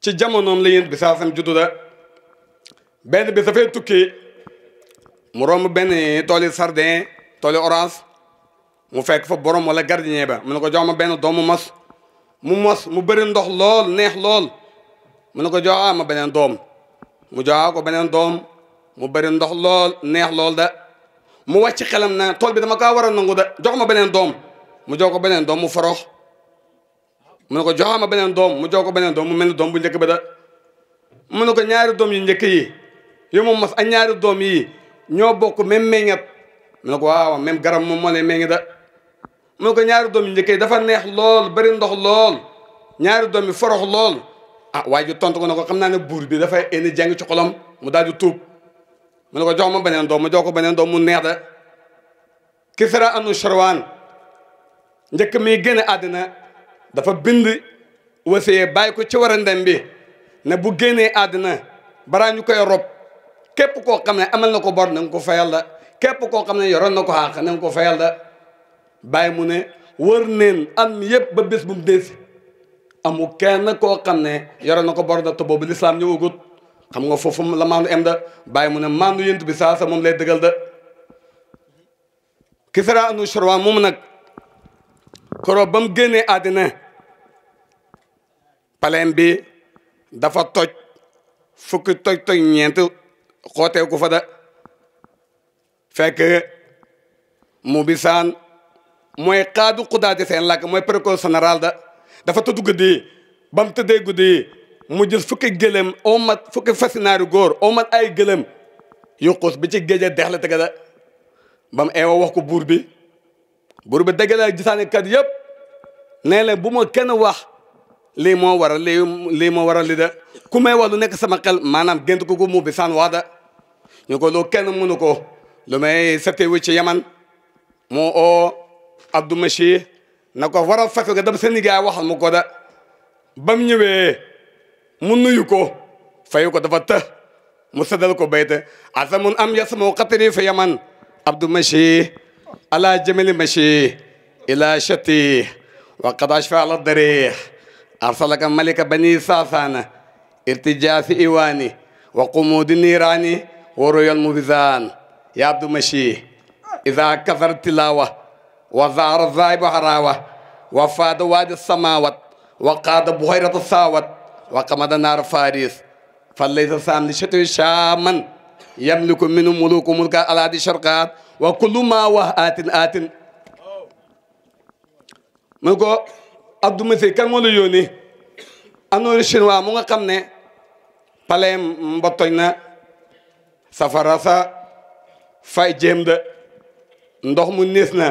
ci jamonoom la yéen bi saa sam juddu da benn bi dafay tukki mu romb benn tooli sardin tooli orange mu fekk fa borom wala gardien ba mu ne ko jox ma benn doomu mos mu mos mu bëri ndox lool neex lool mu ne ko joxaa ma beneen doom mu joxaa ko beneen doom mu bëri ndox lool neex lool da mu wàcc xelam na tool bi dama kaa war a nangu da jox ma beneen doom mu jox ko beneen doom mu mu ne ko joxaa ma beneen doom mu jox ko beneen doom mu mel ni doom bu njëkk ba da mu ne ko ñaari doom yu njëkk yi yow moom mas ak ñaari doom yi ñoo bokk même meññat mu ne ko waaw même garab moom moo lay meññ da mu ne ko ñaari doom yu njëkk yi dafa neex lool bari ndox lool ñaari doom yi forox lool a ah, waaye ji tontu ko ne ko xam naa ne buur bi dafa indi jàng ci xolam mu daal di tuub mu ne ko jox ma beneen doom mu jox ko beneen doom mu neex da Kisra anu mi génn àddina dafa bind wasiye bàyyi ko ci warandem bi ne bu génnee àddina balaa ñu koy rob képp koo xam ne amal na ko bor na nga ko fayal la képp koo xam ne yoroon na ko xaax na nga ko fayal la bàyyi mu ne wër neen am yëpp ba bés bu mu dee si amul kenn koo xam ne yoroon na ko bor da te boobu lislaam ñëwagut xam nga foofu la maandu em da bàyyi mu ne maandu yent bi saa sa moom lay dëggal da Kisra anu Shirwan moom nag koro ba mu génnee àddina paleem bi dafa toj fukki toj toj ñeent xootee ku fa da fekk mu bisaan mooy xaadu xudaati seen làkk mooy précon général da dafa tëdd guddi yi ba mu guddi mu jël fukki gëlëm omat fukki naaru góor omat ay gëlëm yuqus bi ci géeje dex la tëgga da ba eewa wax ko buur bi buur bi dëgg la gisaane kat yëpp nee bu ma kenn wax lii moo waral lii lii moo waral li de ku may wax lu nekk sama xel maanaam yaman mu oo Abdou Machi na ko waral fekk nga dem Sénégal waxal mu ko da asamun am yasmu xatiri fi yaman Abdou Machi ala shati wa qad ashfa أرسلك ملك بني ساسانة ارتجاس إيواني وقمود النيراني ورؤيا المبزان يا عبد مشي إذا كثر التلاوة وزار الزايب حراوة وفاد وادي السماوات وقاد بحيرة الساوات وقمد نار فارس فليس سام لشتو شاما يملك منه ملوك ملك على دي شرقات وكل ما وهات آت ملكو Abdou Messi kan moo la yónni anoonu chinois mu nga xam ne paleem mbotoñ na safara sa fay jéem da ndox mu niis na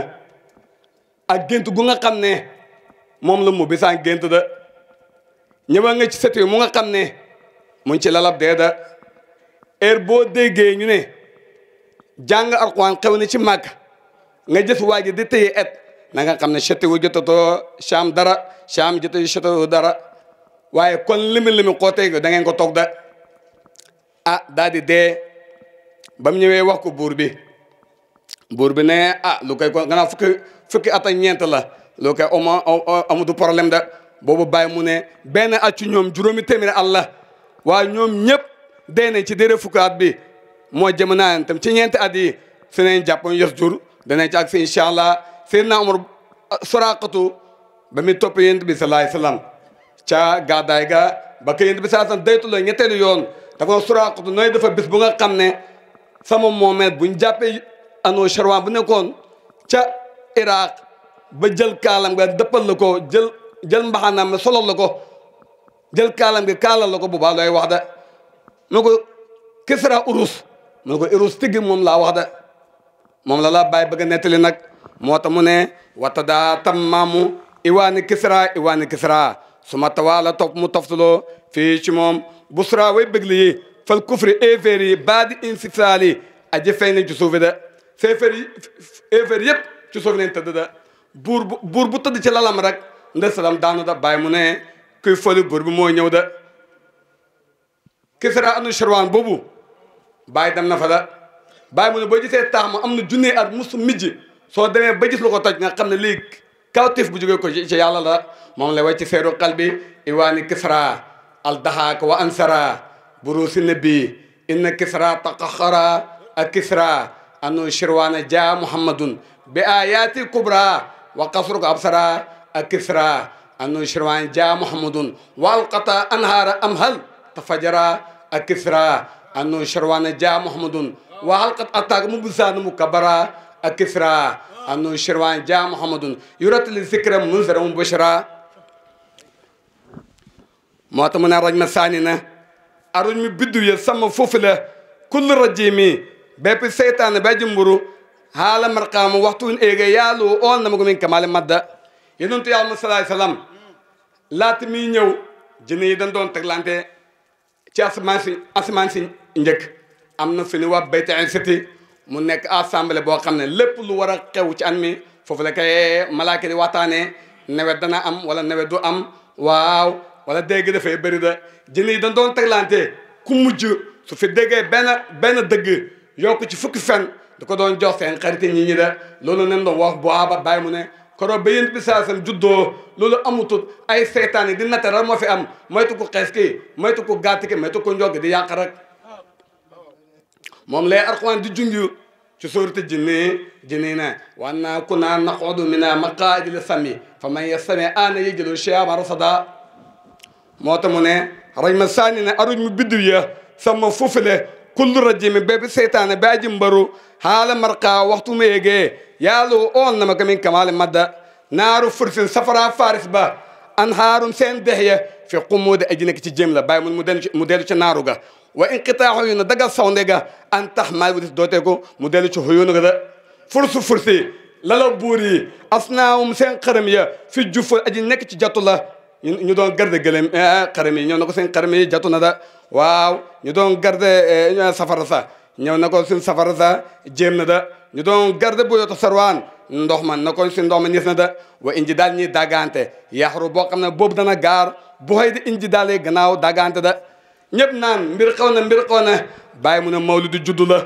ak gént gu nga xam ne moom la mu bisaan gént da ñëwa nga ci seti mu nga xam ne mu ci lalab dee da heure boo déggee ñu ne jàng Alxuraan xew na ci màgg nga gis waa ji di téye et na nga xam ne chettiwu jotatoo caam dara caam jotatu chettiwu dara waaye kon limi limi xooteeg da ngeen ko toog da ah daal di dee ba mu ñëwee wax ko buur bi buur bi ne a ah, lu koy ko fukki fukki at ak ñeent la lu koy oma amu du problème da boobu bàyyi mu ne benn at ci ñoom juróomi téeméeri at la waaye ñoom ñëpp dee ci déré fukki at bi moo jëm naa ci ñeenti at yi su neen jàppoon yos jur danañ ci ak allah Seydina Omar Soraqatu ba muy topp yent bi salaay salaam ca gàddaay ga ba ko yent bi saa san daytu la ñetteelu yoon dafa Soraqatu nooy dafa bis bu nga xam ne sama moomeet buñ jàppee ano charwan bu nekkoon ca Iraq ba jël kaalam ga dëppal la ko jël jël mbaxanaam ma solal la ko kaalam gi kaalal la ko bu baa looy wax da mu ko kisra urus mu ko urus tiggi moom laa wax moom la laa bàyyi bëgg a nettali nag moo tax mu ne wata daa tammaamu iwaani kisra iwaani kisra su ma tawaala topp mu toftaloo fii ci moom busra way bëgli fal kufri éeféer yi baa di insisaal yi aji fay nañ ci suufi da séeféer yi éeféer yëpp ci suufi nañ buur bu buur tëdd ci lalam rek nda salam daanu da bàyyi mu ne kuy foli buur bi mooy ñëw da anu sharwaan boobu bàyyi dem nafa fa da bàyyi mu ne boo gisee taax mu am na junne at musu mijji soo demee ba gis lu ko toj nga xam ne léegi kawtif bu jógee ko ci yàlla la moom la way ci seeru xal iwaani kisra al dahaak wa ansara buruusi nabi inna kisra taqaxara ak kisra anu shirwana ja muhammadun bi ayati kubra wa qasru absara ak kisra anu shirwana ja muhammadun wa alqata anhaara amhal tafajara ak kisra anu shirwana ja muhammadun wa halqat attaak mu mukabara أكثرا أنو شروان جاء محمد يرات الذكر منذر مبشرا مواتمنا رجم ثانينا أرجم بدو يسمى فوفلة كل رجيمي باب السيطان بجمبرو هالا مرقام وقتون إيغا يالو أول نمكو من كمال مدى ينونتو يا الله صلى الله عليه وسلم لاتمي نيو جني دان دون تغلانتي ci asamaan si asamaan si njëkk am na fu ñu wax bayta en siti mu nekk sambale boo xam ne lépp lu war a xew ci an mi foofu la kay di waxtaanee nawet dana am wala nawet du am waaw wala dégg dafay bëri da jën yi dañ doon teglante ku mujj su fi déggee benn benn dëgg yokk ci fukki fen da ko doon jox seen xarit ñi ñi da loolu nen doon wax boaba bàyyi mu ne koro ba yéen bi saasam juddoo loolu amutut ay seytaan yi di nattaral moo fi am moytu ko xees ki moytu ko gàtt ki moytu ko njog di yàq moom lay Alxuraan di junj ci sooratu jinni jinni ne wa annaa kunnaa naquudu minhaa maqaa'ida lis-sam'i faman yastami' aana yajid shihaaba rasadaa moo tax mu ne rajma saani ne aruj mu biddiw ya sama fufule kullu rajimi bépp seytaane ba aji mbaru haala marqa waxtu ma yegee yàlla oon na ma ka min madda naaru fursin safara faris ba anhaarum seen dex fi qumuudi aji nekk ci jëm la bàyyi mu mu dellu ci naaru ga wa inqitaaxu yu daga dagal sawnde ga tax maal wu dis dooteeku mu dellu ci xuyuunu ga da fursu fursi lala buur yi asnaawum seen xaram ya fi jufal aji nekk ci jattu la ñu doon garde gëlëm xaram yi na ko seen xaram yi jattu na da waaw ñu doon garde safara sa ñëw na ko seen safara sa jéem na da ñu doon garde bu yota sarwaan ndox man na ko si ndox ma ñis na da wa inji daal ñiy dagante yaxru boo xam ne boobu dana gaar bu xëy di inji daale gannaaw dagante da ñëpp naan mbir xew na mbir xew na bàyyi mu ne mawlidu juddu la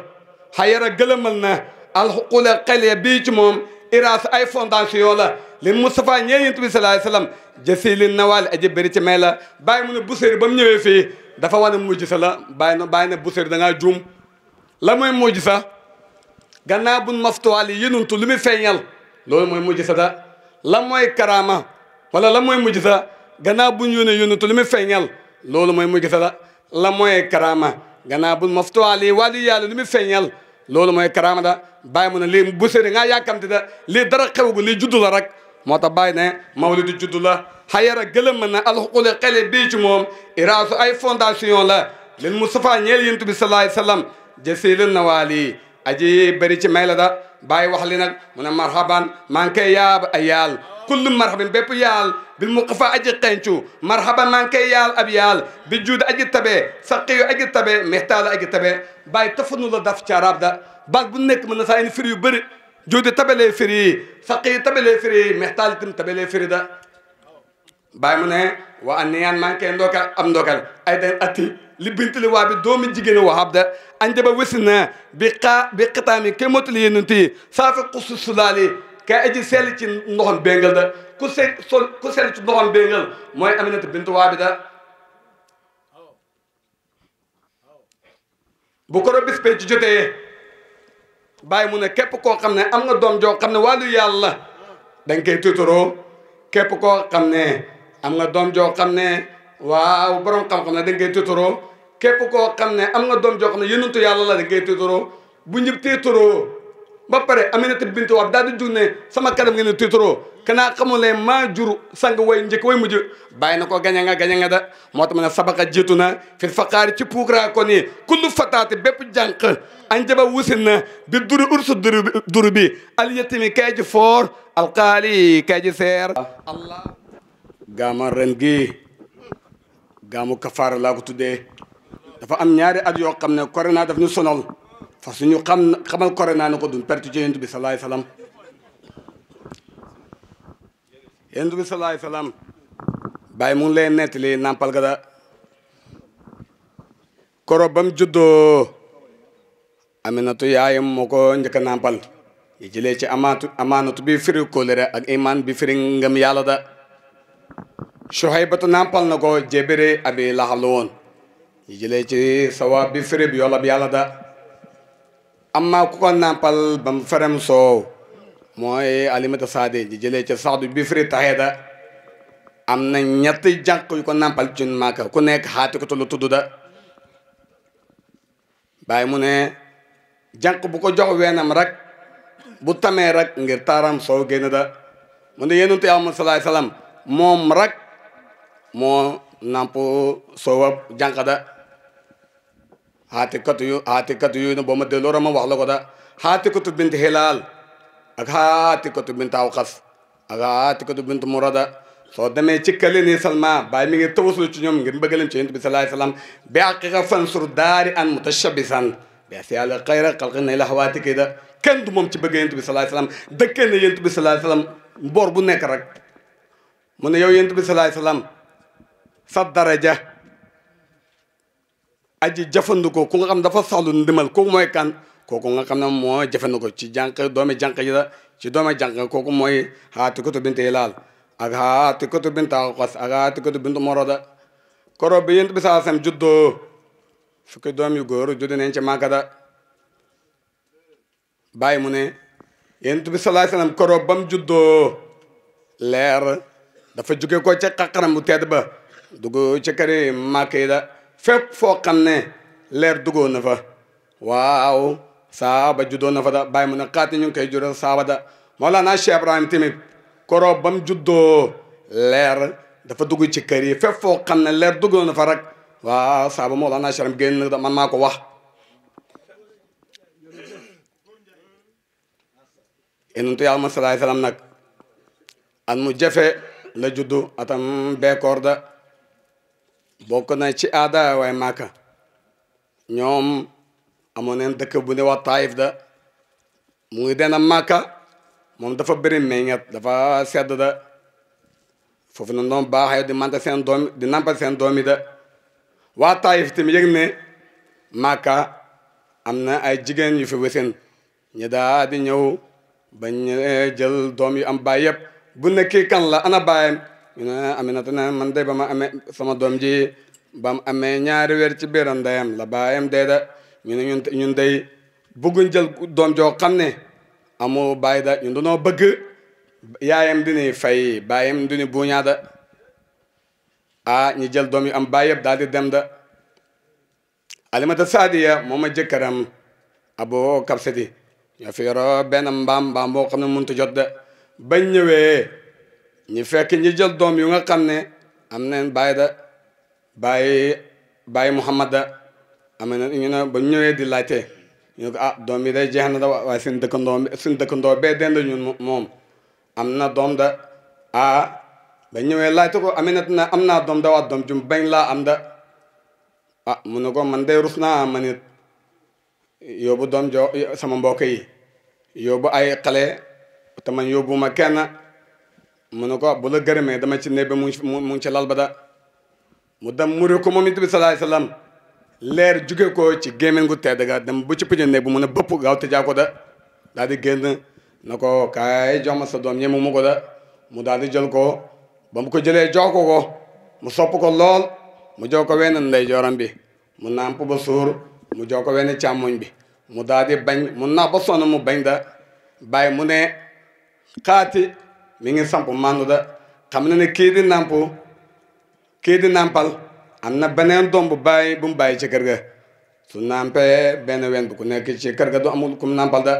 xayara gëlëmal na alxuqula xel bii ci moom iraas ay fondation la lin Moustapha ñee yent bi salaay salaam jësi lin nawaali aji bëri ci may la baay mu ne buséeri ba mu ñëwee fii dafa wane mujj sa la bàyyi na bàyyi na dangaa da ngaa juum la mooy mujj sa gannaaw buñ maftuwaal yi lu muy feeñal loolu mooy mujj sa da la mooy karaama wala la mooy mujj sa gannaaw buñ yónee yenuntu lu muy feeñal loolu mooy mujj sa la mooy karama gannaaw bu maftuwaali wali yàlla lu mu feeñal loolu mooy karama da bàyyi mu ne lii bu séri ngaa yàkkamte da lii dara xewgu lii juddu la rek moo tax bàyyi ne mawlidu juddu la xayara gëlëm na alxuqule xele bii ci moom iraasu ay fondation la leen Mustafa ñeel yéntu bi salaay sallam jësee leen na waali aji bëri ci may la da bàyyi wax li nag mu ne marhaban maa yaab ay yaal kullu marhabin bépp yaal bil muqafa aji xencu marhaban maa ngi koy yaal ab yaal bi juud aji tabe saqiyu aji tabe mehtaala aji tabe bàyyi tafanu la daf ci arab da baat bu nekk mën na saa indi firi yu bëri juudi tabelee firi saqiyu tabelee firi mehtaal itam tabelee firi da bàyyi mu ne wa an niyaan maa ngi koy ndookal ab ndookal ay den atti li bintali waa bi doomi jigéen waxab da anjaba wesina bi xa bi xitaami ke motali yénunti saafi xusu sulaali ka aji sell ci ndoxam bengal da ku se sol ku sell ci ndoxam bengal mooy aminata bintu waabida bu ko bis pee ci jotee bàyyi mu ne képp koo xam ne am nga doom joo xam ne wàllu yàlla danga koy tuturoo képp koo ne am nga doom joo xam ne waaw borom xam-xam ne koo xam ne am nga doom joo xam ne yonentu yàlla la danga koy tuturoo bu ñëpp tuturoo ba pare Aminata Bintu Wahab daal di jug sama kanam ngeen di tiitaroo kanaa xamul ne maa jur sang way njëkk way mujj bàyyi na ko gaña nga da moo tama ma ne sabaka jiitu na fi faqaari ci puukraa ko kullu fataati bépp jànq an jaba na bi duri ursu duru duru bi al yatimi kay ji foor alqaali kay ji seer gaama ren gaamu kafaara laa ko tuddee am ñaari at yoo xam ne corona daf ñu sonal fa suñu xam xamal corona na ko dun perte ci yonent bi salaay salaam yonent bi salaam bàyyi mu ngi lay nettali nàmpal ga da koro bam juddoo aminatu yaayam moo ko njëkk a nàmpal yi jëlee ci amaatu amaanatu bi firi kóllëre ak iman bi firi ngëm yàlla da Suhaybatu nàmpal na ko jébére abi laxalu woon yi jëlee ci sawaab bi firi bi yoolab yàlla da amma ku ko nàmpal ba mu ferem soow mooy alimata saade ji jëlee ca saxdu bi firi am na ñetti jànq yu ko nàmpal cun maaka ku nekk xaati ko tollu tudd da bàyyi mu ne jànq bu ko jox weenam rek bu tamee rek ngir taaram soow génn da mu ne yenunte Muhammad salaay salaam moom rak moo nàmp soowab jànq da haatikatu yu haatikatu yooyu nag boo ma delloo a ma wax la ko da haatikatu bint hilaal ak haatikatu bint awqas ak haatikatu bint murada soo demee ci kële nii salma bàyyi mi ngi tawasul ci ñoom ngir mbëggalam ci yonent bi salaay salaam bi aqiqa fansur daari an mutashabisan bi asiyaala xayra xalqi nay laxawaati kii da kenn moom ci bëgg yonent bi salaay salaam dëkkee na yonent bi salaay salaam mboor bu nekk rek mu ne yow yonent bi salaay salaam sa daraja aji jëfandikoo ku nga xam dafa soxla ndimbal kooku mooy kan kooku nga xam ne moo jëfandikoo ci jànq doomi jànq ji la ci doomi jànq kooku mooy Haatikatu bint Hilaal ak Haatikatu bint Aqwas ak Haatikatu bint Moroda koro bi yent bi saa sam juddoo fukki doom yu góor juddu nañ ci Màkka da bàyyi mu ne yent bi sallallahu alayhi wasallam koro bam juddoo leer dafa jóge ko ca xaqaram bu tedd ba dugg ci këri Màkka da fépp foo ne leer duggoon na fa waaw saaba juddoon na fa da bàyyi mu ne xaati ñu ngi koy saaba da Mawlana Cheikh Ibrahim tamit koroo ba mu juddoo leer dafa dugg ci kër yi fépp xam ne leer duggoon na fa rek waaw saaba Mawlana Cheikh Ibrahim génn na man maa ko wax yonentu yàlla ma salaay salaam nag an mu jafe la juddu atam beekoor da bokk na ci aada waaye Màkka ñoom amoon neen dëkk bu ne wax Taayif da mu ngi dena Màkka moom dafa bëri meññet dafa sedd da foofu na doom baaxee di manta seen doom di nampal seen doom da waa Taayif tamit yëg ne Màkka am na ay jigéen yu fi wésin ñi daa di ñëw bañ eh, jël doom yi am baay yëpp bu nekkii kan la ana baayam ñu na Aminata ne man de ba ma amee sama doom ji ba mu amee ñaari weer ci biiram ndeyam la baayam dee da ñu ne ñun ñun day bëgguñ jël doom joo xam ne amu bàyyi da ñun dañoo bëgg yaayam di ni fay baayam di ni buuñaa da ah ñi jël doom yu am baay yëpp daal di dem da Alimata Saadiya moom a jëkkëram abo kapseti ñoo fi yoroo benn mbaam mbaam boo xam ne mënut a jot da bañ ñëwee ñi fekk ñi jël doom yu nga xam ne am neen baay da bàyyi baay Muhammad da am na ñu ne ba ñëwee di laajte ñu ne ko ah, doom yi day jeex na da waaye seen dëkkandoo seen dëkkandoo bee dend ñun moom am na doom da ah ba ñëwee laajte ko aminat na am naa doom da waa doom jum bañ laa am da ah mu ne ko man day rus naa man it yóbbu doom jo sama mbokk yi yóbbu ay xale te man ma kenn mu ne ko bu la gërëmee dama ci nebbe mu ngi mu ci lal ba da mu dem muri ko moom it bi salaay salaam leer juge ko ci gémmiñ gu tedd ga dem bu ci pëj ne bu mu ne bëpp gaaw tëjaa ko da daal di génn na ko kaay jox sa doom ñemu mu ko da mu daal di jël ko ba mu ko jëlee jox ko mu sopp ko lool mu jox ko wenn ndey bi mu nàmp ba suur mu jox ko wenn càmmoñ bi mu daal di bañ mu nax ba sonn mu bañ da bay mu ne xaati mi ngi samp màndu da xam na ne kii di nàmp kii di nàmpal am na beneen doom bu bàyyi bu mu bàyyi ci kër ga su nàmpee benn ween bu ku nekk ci kër ga du amul kum nàmpal da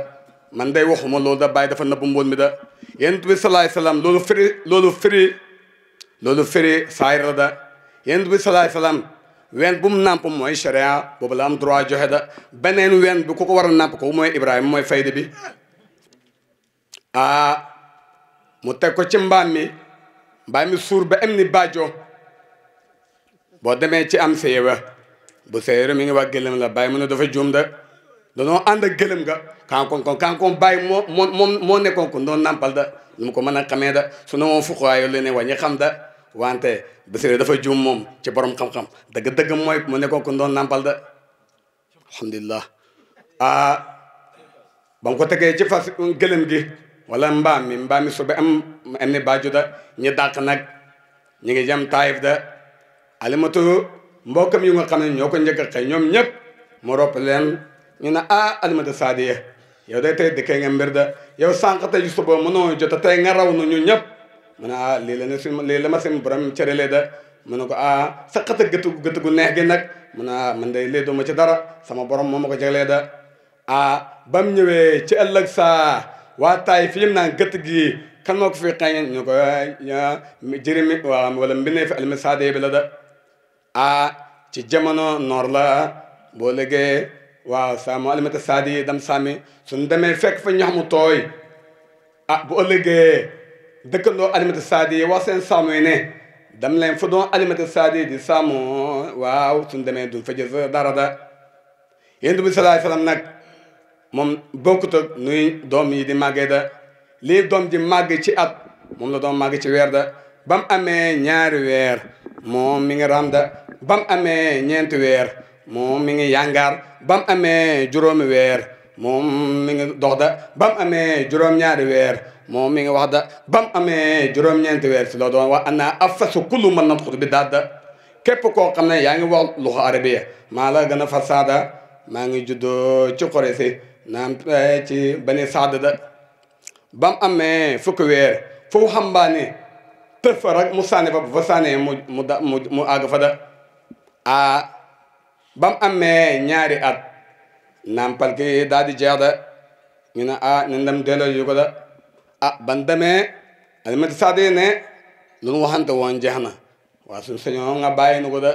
man day waxuma loolu da bàyyi dafa nëbb mboon mi da yonent bi salaay salaam loolu firi loolu firi loolu firi saayir la da yonent salaay salaam ween bu mu nàmp mooy sharia boobu la am droit joxe da beneen ween bu ku ko war a ko mooy Ibrahima mooy fayda bi ah, mu teg ko ci mbaam mi mbaam mi suur ba am ni baajo boo demee ci am séye ba bu séyéro mi ngi wax gëlëm la baay mu ne dafa juum da danoo ànd ak gëlëm nga kankoon kon kankoon bàyyi moo moo moom moo nekkoon ko doon nàmpal da lu mu ko mën a xamee da su na moom fuqaayo le ne wàññi xam da wante Bichri dafa juum moom ci borom xam-xam dëgg-dëgg mooy mu nekkoon ko doon nàmpal da alhamdulilah ah ba mu ko tege ci fas gëlëm gi wala mbaami mi sobe am enne bajuda ñi dàq nag ñi ngi jëm taayif da alimatu mbokkam yu nga xam ne ñoo ko njëkk a xëy ñoom ñëpp mu ropp leen ñu ne ah alimatu saadiya yow day tey dëkkee nga mbir da yow sànq tey suba mënoo jot tey nga raw nu ñu ñëpp mu ne ah lii la ne si lii la ma seen borom cëralee da mu ne ko ah sa xët a gëtu gëtu gu neex gi nag mu ne ah man day lii duma ci dara sama borom moo ma ko jaglee da ah bam ñëwee ci ëllëg sa waa Taayif yi mu naan gëtt gi kan moo ko fi xeeñee ñu ko jërëmi wala mbinee fi almi saade bi la da ah ci jamono noor la boo léegi waaw saamu alimata saadi dam saami suñ demee fekk fa ñax mu tooy ah bu ëllëgee dëkkandoo alimata saadi wax seen yi ne dam leen fa doon alimata saadi di saamu waaw suñ demee duñ fa jël dara da yéen du bi salaay nag moom bokkut ak nuy doom yi di màggee da lii doom ji màgg ci at moom la doom màgg ci weer da ba mu amee ñaari weer moom mi ngi ram da ba mu amee ñeenti weer moom mi ngi yàngaar ba mu amee juróomi weer moom mi ngi dox da bam mu amee juróom weer moom mi ngi wax da bam mu amee juróom weer si la doon wax ana afasu kullu mën na xut bi daat da képp koo xam ne yaa ngi wax luxa arabiya maa la gën a fasaada maa ngi juddoo ci si naan eh, ci bani saad da ba mu amee fukki weer foofu xambaane tëf fa rek mu sànni fa bu fa sànnee mu mu mu mu àgg fa da a ba mu amee ñaari at nampal gi daal di jeex da ñu ne ah ñu dem delloo yu ko ah, ban demee alimati saad yi ne lu mu waxante woon jeex na waa suñu sañoo nga bàyyi nu ko da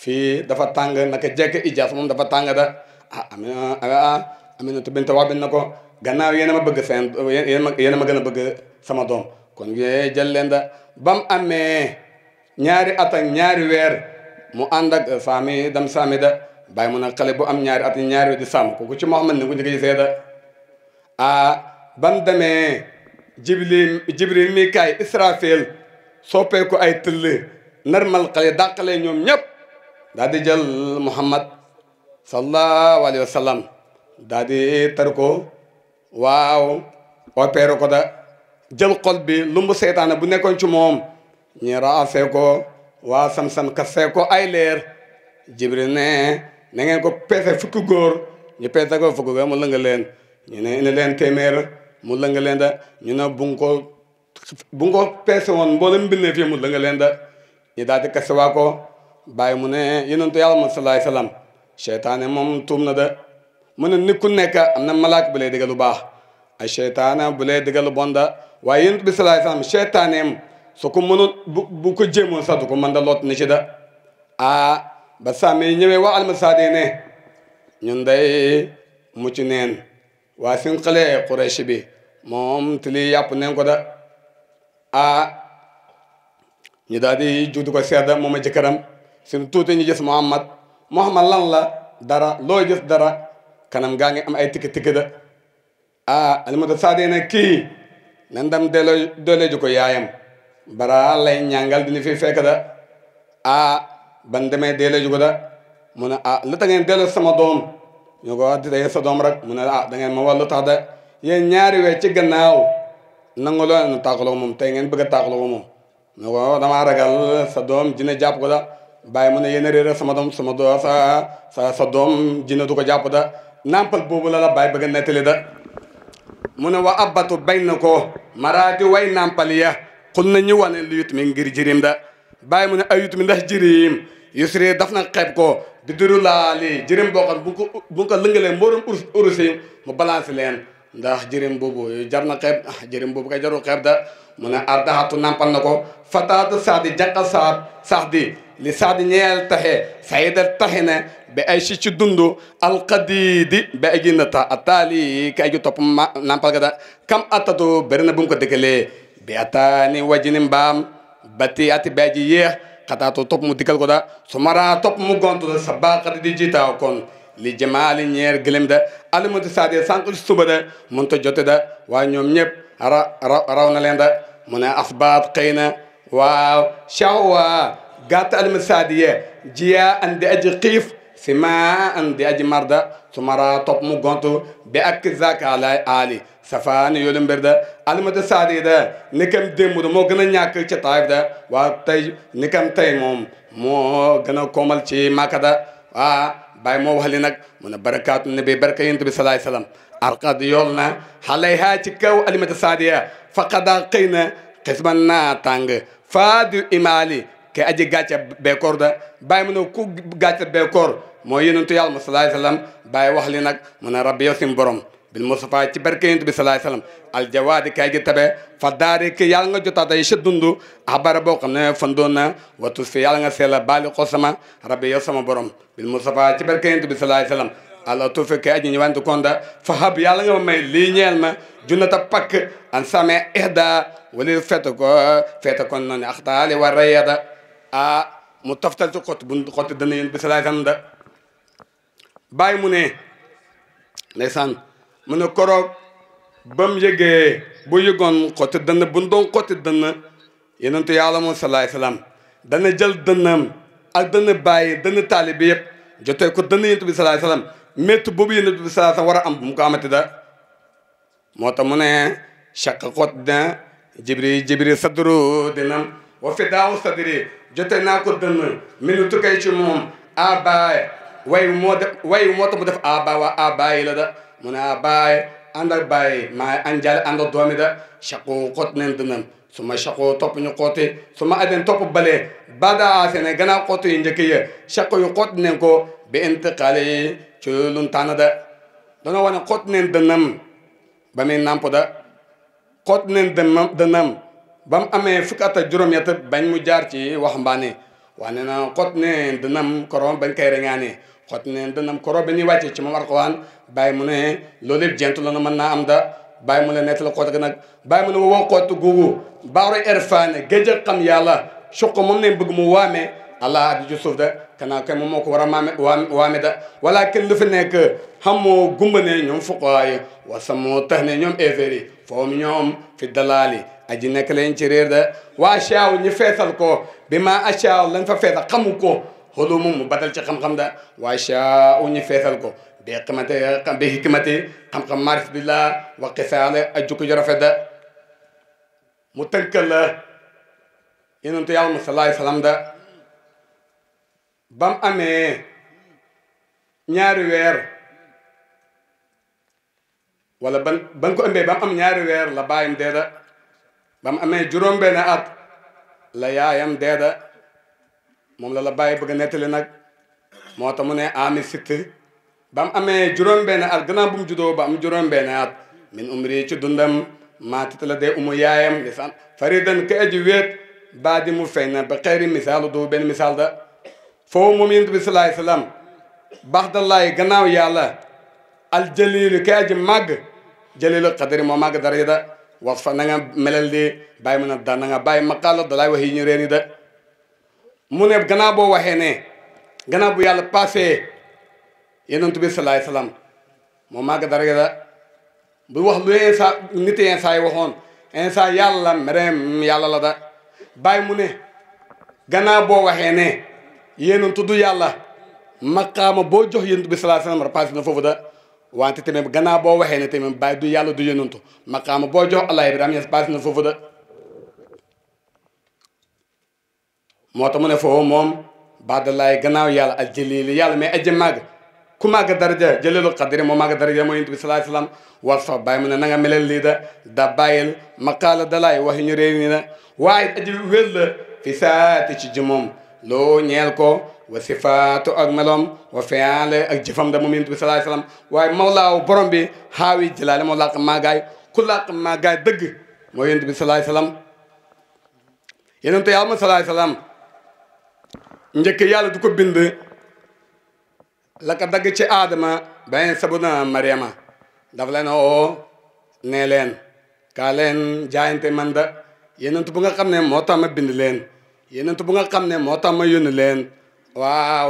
fii dafa tàng naka jekk ijaas moom dafa tàng da ah am ah, Aminata bint Wahb na ko gannaaw yéen a ma bëgg seen yéen ma yéen a gën a bëgg sama doom kon yee jël leen da ba mu amee ñaari at ñaari weer mu ànd ak saami dem saami da bàyyi mu ne xale bu am ñaari at ñaari weer di sàmm kooku ci Muhammad ma ku njëkk gisee da ah ba mu demee Jibril Jibril Mikaay Israfil soppeeku ay tëll narmal xale dàqale ñoom ñëpp daal di jël Muhammad sallallahu alayhi wa sallam daal di tar ko waaw opéré da jël xol bi lumbu seytaane bu nekkoon ci moom ñi raase ko waa sam-sam kasee ko ay leer jibril ne na ngeen ko peese fukki góor ñu peese ko fukki góor mu lënga leen ñu ne indi leen téeméer mu lënga leen da ñu ne bu nga ko bu ko peese woon mboolem mbindee fii mu lënga leen da ñu daal di kase waa ko bàyyi mu ne yonentu yàlla ma salaay salaam seytaane moom tuum da mu ne nit ku nekk am na malaak bu lay digal lu baax ay seytaana bu lay digal lu bon da waaye yonent bi salaay salaam seytaaneem su ko mënoon ko jéemoon sax ko mën da lot ni ci da ah ba sàmm yi ñëwee waa almasaade ne ñun day neen waa suñ xale Quraysh bi moom te lii yàpp neen ko da ah ñu daal di juuti ko sedda moom a jëkkëram suñ tuuti ñu gis Muhammad Muhammad lan la dara loo gis dara kanam gaa ngi am ay tikki tikki da ah alimata saade na kii nan dam delloo doole ju ko yaayam bara lay ñàngal dina fi fekk da ah ban demee delloo ju ko da mu ne ah lu tax ngeen delloo sama doom ñu ko wax ah, di sa doom rek mu ne ah da ngeen ma wax lu tax da yéen ñaari weer ci gannaaw nangu loo nu taaxaloo moom tey ngeen bëgg a taaxaloo moom ñu ah, sa doom dina jàpp ko da bàyyi mu ne a réer sama doom sama doom sa sa doom dina du ko jàpp nampal boobu la la bàyyi bëgg a nettali da mu ne wa abbatu bañ na ko maraati way nàmpal ya xun na ñu wane lu yut ngir jirim da baay mu ne ayut mi ndax jirim yusri daf na xeeb ko di diru laali jirim boo xam bu ko bu ko lëngalee mboorum urus yi mu balancé leen ndax jirim boobu jar na xeeb ah, jirim boobu kay jaru xeeb da mu ne ardaxatu nàmpal na ko fataatu sax di jàqa saat sax di li saadi ñeel taxe sayda taxe ne be ay si ci dundu alqadidi be ay ginna ta ataali ka ay gi topp ma da kam atatu bari na bu mu ko dëkkalee bi ataani wajini mbaam bati ati be ji yéex xataatu topp mu dikkal da su mara topp mu gontu da sa baaxati di jiitaaw kon li jamaali ñeer gëlëm saadi sànq suba da mun ta da waaye ñoom ñëpp ra leen da mu ne asbaat xëy na قاتل المسادية جيا عندي أجي قيف سما عندي أجي مرضى تمارا طب مغنتو بأك ذاك على آلي سفان يولم بردا المد سادية دا نكم دمو دا مو غنى نياكل چه طايف واتي نكم تيموم مو غنى كومل چه ماكا آه، دا باي مو وحلينك من بركات النبي بركة ينتبه صلى الله عليه وسلم أرقاد يولنا حليها تكو المد سادية فقد قينا قسمنا تانغ فادو إمالي ke aji gàcce beekoor da bàyyi mu ne ku gàcce beekoor mooy yonentu yàlla mu salaay salaam bàyyi wax li nag mu ne rabbi yow sim borom bil Mustafa ci barke yonent bi salaay salaam aljawaadi kay gi tabe fa daari ki yàlla nga jotaa day sa dund xabara boo xam ne fandoon na watu si yàlla nga seela baali ko sama rabbi yow sama borom bil Mustafa ci barke yonent bi salaay salaam ala tuufi kay aji ñëwante konda fa hab yàlla nga ma may lii ñeel ma junata pakk an same ihda wali fete ko fete kon noonu axtaali wa rayada ah mu toftal ci xott bu xott dana bi salaay san da bàyyi mu ne ndeysaan mu ne koroog ba mu yëgee bu yëgoon xotti dënn bu ñu doon xotti dënn yenentu yàlla moom salaay salaam dana jël dënnam ak dana bàyyi dënn taali bi yëpp jotee ko dënn yenentu bi salaay salaam métti boobu yenentu bi salaay salaam war a am bu mu ko amati da moo tax mu ne chaque xott dina jibri jibri sadru dinam wa fi daaw sadri jote naa ko dënn minu tukkee ci moom abaay wayu moo def wayu moo tax mu def abaay waa abaay la mu ne abaay ànd ak bàyyi maay anjale doomi da chaqu xoot neen dënam su ma chaqu topp ñu xooti su ma aden topp ba badaa sene ganaa xooti yu njëkk ya chaqu yu xoot neen ko bi intiqaale yi ci lun tànn wane xoot neen dënam ba muy nàmp da xoot neen dënam ba mu amee fukki at ak juróom bañ mu jaar ci waxambaane wax ne na xot ne dënam koro bañ koy reŋaane xot ne dënam koro ba ñuy wàcce ci moom Alxuraan bàyyi mu ne loolu yëpp jentu la na mën naa am da bàyyi mu ne nett la xoot ak nag bàyyi mu ne woo xoot googu baaru erfaane géej xam yàlla suq moom ne bëgg mu waame allah adi ci suuf da kanaa kay moom moo ko war a maame waame waame da wala kenn lu fi nekk xamoo gumba ne ñoom fuqaay wa samoo tax ne ñoom effeer yi foofu ñoom fi dalaali aji nekk leen ci réer de waa caaw ñu feesal ko bi ma acaaw lañ fa feesal xamu ko xoolu mu batal ci xam-xam da waa caaw ñu feesal ko bi xamante bi hikmati xam-xam wa qisaale ak jukki ju rafet da mu tënkal la yonentu yàlla mu salaay salaam da bam amee ñaari weer wala ban ban ko ëmbee bam am ñaari weer la bàyyim dee da ba mu amee juróom benn at la yaayam deeda moom la la bàyyi bëgg a nettali nag moo tax mu ne ami sitt ba ame juróom benn at gannaaw bu mu juddoo ba am juróom benn at min umri ci dundam maatita la dee umu yaayam lisan faridan ka aji wéet baa di mu feeñ na ba xeeri misaalu doo benn misaal da foofu moom yonent bi salaay salaam baax dallaay gannaaw yàlla al jalilu ka aji màgg jalilu xadari moo màgg dara da wax fa na nga melal baay bàyyi na a daan na nga bàyyi maqaala dalaay wax yi ñu reeni da mu ne gannaaw boo waxee ne gannaaw bu yàlla passé yonent bi salaay salam moo màgg dara la bu wax lu insa nit insa yi waxoon insa yàlla yàlla la da bàyyi mu ne gannaaw boo waxee ne yonent du yàlla maqaama boo jox yonent bi salaay salaam repassé na foofu da wante tamit gannaaw boo waxee ne tamit bàyyi du yàlla du yonantu maqaama boo jox allah ibrahima ñes baas na foofu da moo tax mu ne foofu moom baadalaay gannaaw yàlla ak jëliili yàlla mais aji màgg ku màgg daraja jëleelu xadri moo màgg daraja mooy yonent bi salaay salaam war sax bàyyi mu ne na nga lii da da bàyyil maqaala dalay waxi ñu réer ni na waaye aji wér la fi saati ci ji moom loo ñeel ko wa sifaatu ak meloom wa fi'aale ak jëfam da moom yonent bi salaay salaam waaye mawlaaw borom bi xaawi jëlaale moo làq maagaay ku làq maagaay dëgg mooy yonent bi salaay salaam yonent yàlla ma salaay salaam njëkk yàlla du ko bind la ko dagg ci aadama bayen sabu na mariama daf leen oo nee leen kaa leen jaayante man da yonent bu nga xam ne moo tax ma bind leen yonent bu nga xam ne moo tax ma leen waaw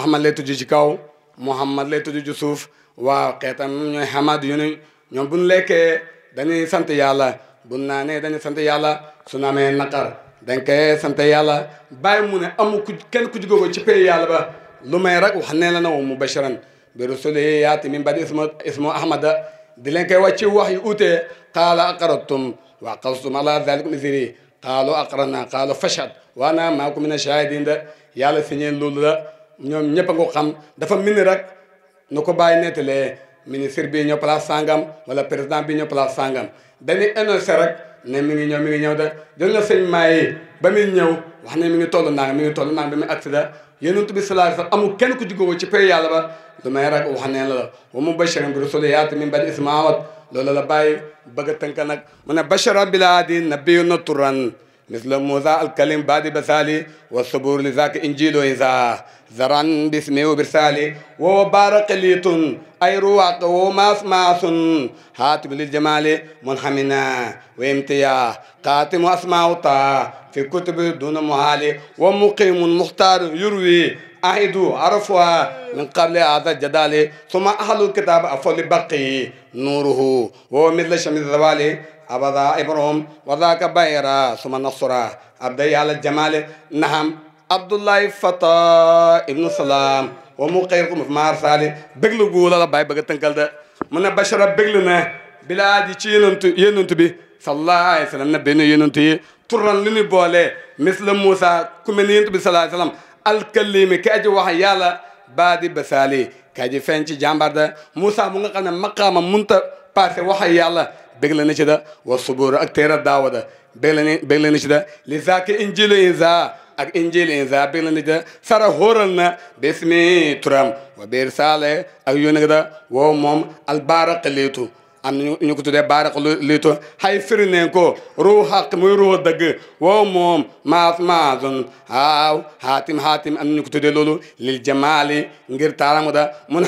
ahmad lay tudd ci kaw muhammad lay tudd ci suuf waaw xeetam ñooy hamad yu ni ñoom bu ñu lekkee dañuy sant yàlla bu naanee dañuy sant yàlla su naamee naqar dañ koy sant yàlla bàyyi mu ne amu ku kenn ku jugóogo ci pay yàlla ba lu may rek wax nee la na wa mubashiran bi rusuli yaati min badi ismu ismu ahmada di leen koy wàcci wax yu utee qaala aqaratum wa aqastum ala dalikum isiri qaalu aqrana qaalu fashhad wa ana maakum min ashahidin yàlla siñeen loolu la ñoom ñëpp a nga xam dafa mel ni rek nu ko bàyyi nettalee ministre bi ñëw place sangam wala président bi ñëw place sangam dañuy énoncé rek ne mi ngi ñëw mi ngi ñëw de jël na sëñ maayi ba muy ñëw wax ne mi ngi toll naanga mi ngi toll naanga ba muy accident yonent bi sallallahu alayhi wa amul kenn ku jugóo ci pay yàlla ba lu may rek wax ne la wa mubashiran bi rasuli yaati min bani la bàyyi bëgg a nag mu ne basharan bilaa di nabiyun turan مثل موسى الكلم بعد بسالي والصبور لذاك إنجيل إذا زران باسمي وبرسالي وبارق ليتون أي رواق وماس ماس هاتم للجمال منحمنا وامتيا قاتم أسماء وطا في كتب دون مهالي ومقيم مختار يروي أهدو عرفوا من قبل هذا الجدال ثم أهل الكتاب أفضل بقي نوره ومثل شمس الزوالي أبدا إبراهيم وذاك بيرا ثم نصرا أبدي على الجمال نهم عبد الله فتا ابن سلام ومقيركم في مارسالي بقلو قول الله باي بقى تنقل من بشرة بقلنا بلادي چي يننت بي صلى الله عليه وسلم نبينا يننت تران لني بولي مثل موسى كمن يننت بي صلى الله عليه وسلم الكلمة كأجي وحي يالا بادي بسالي كأجي فانشي جامبار ده موسى مونغا قنا مقام منت باسي وحي يالا bégle na ci da wa subura ak teera daawa da bégle na bégle na ci da li zaaka injil inza ak injil inza bégle na ci da sara hóoral na bismi turam wa biir saale ak yónni da wow moom albaaraq liitu am na ñu ko tuddee baaraq liitu hay firneen ko ruu xaq muy ruu dëgg wow moom maas maasun haaw haatim haatim am na ñu ko lil jamaali ngir taaramu da mun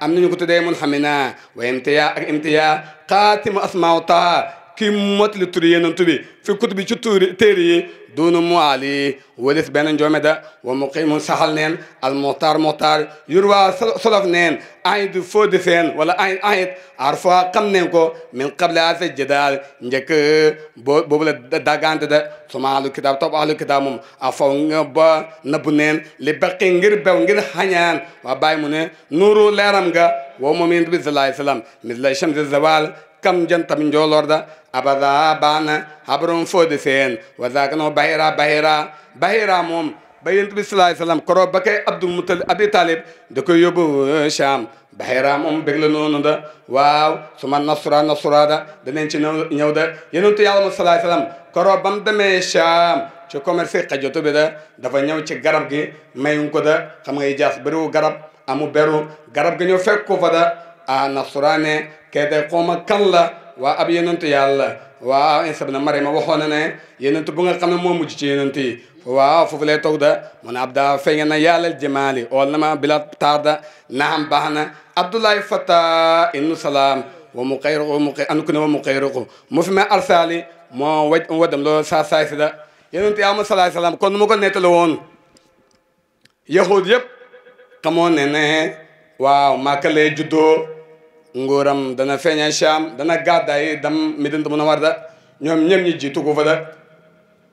am nañu ko tuddee mun xamina wa imtiya ak imtiya xaatimu asmaaw taa kii mottali turi yonent bi fi kutubi ci turi téere yi duunu muwaali walis benn njoome da wa muqimu saxal neen al muxtaar muxtaar yurwa solof neen ahid foodi seen wala ahid ahid arfa xam neen ko min qable asa jadaal njëkk boobu la dagante da suma ahlu kitaab topp ahlu kitaab moom a faw nga ba nëbb neen li baqi ngir bew ngir xañaan waa bàyyi mu ne nuuru leeram nga wow moom yonent bi sallallahu alayhi wasallam misla shamsi zawal kam jantam njolorda abada bana habron fode sen wazakno bahira bahira bahira moom ba yent bi sallallahu alayhi wasallam koro ba abi talib da koy yóbbu eh, sham bahira moom bég la noonu da waaw suma nasura nasura da danañ ci ñëw ñëw da yenentu yàlla mu sallallahu koro bam demee sham ci commerce xajoto bi da dafa ñëw ci garab gi mayuñ ko da xam ngay jaas bëriwu garab amu beru garab gi ñëw fekk ko fa da a nasraane kee day xooma kan waa ab yenentu yàlla waa Iisa bna Maryam waxoon na ne yenentu bu nga xam moo mujj ci yenent yi waaw foofu lay toog mu ne abda nga na yàllal jamaali ool na ma bila tarda naam baax na abdoulaye fata salaam wa mu xayruqu mu fi ma arsaali moo waj wadam loolu saa saay si da salaam kon nu ko nettali woon yahud yëpp xamoon ne ne waaw Màkka lay juddoo nguuram dana feeñee Sham dana gàddaay dem Medina Munawwara da ñoom ñëm ñi jiitu ko fa da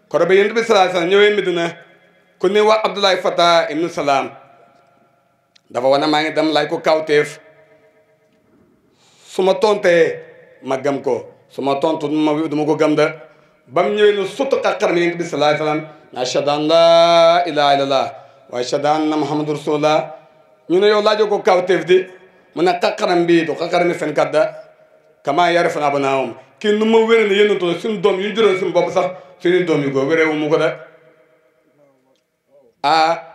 koro ba Yonent bi sallallahu alayhi wasallam ñëwee ku ne wax Abdoulaye Fata ibnu Salaam dafa wane maa ngi dam laaj ko kawteef su ma tontee ma gëm ko su ma tontu ma duma ko gëm da ba mu ñëwee lu suttu xaqar mi Yonent bi sallallahu alayhi wasallam ashhadu an laa ilaaha illallah wa ashhadu anna Muhammadan rasulullah ñu ne yow laajoo ko kawteef di mun na xaqaram mbii du xaqarami seen gàdda kamaa yarifuna abnaahum kii nu ma wéré ne yéen a suñu doom yu jural suñu bopp sax suñu doom yu góor wéré wu mu ko de ah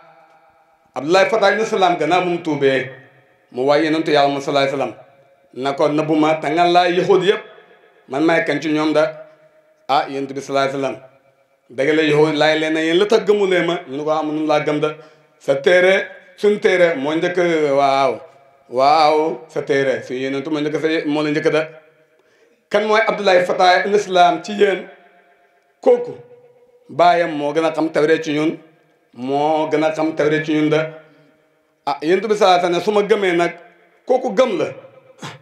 Abdoulaye Fatah ibn Salaam gannaaw bu mu tuubee mu waay yonentu yàlla mu salaay salaam na ko nëbbu ma te nga laa yahud yëpp man maay kan ci ñoom da ah yonent bi salaay salaam dëgg la yahud laay leen na yéen la tax gëmulee ma ah, laa gëm da sa téere suñu téere moo njëkk waaw. waaw sa téere suñu yonentu moo njëkk sa moo la njëkk da kan mooy Abdoulaye Fattah l'islam ci yéen kooku baayam moo gën a xam tawre ci ñun moo gën a xam tawre ci ñun da ah yonent bi saa sa ne su ma gëmee nag kooku gëm la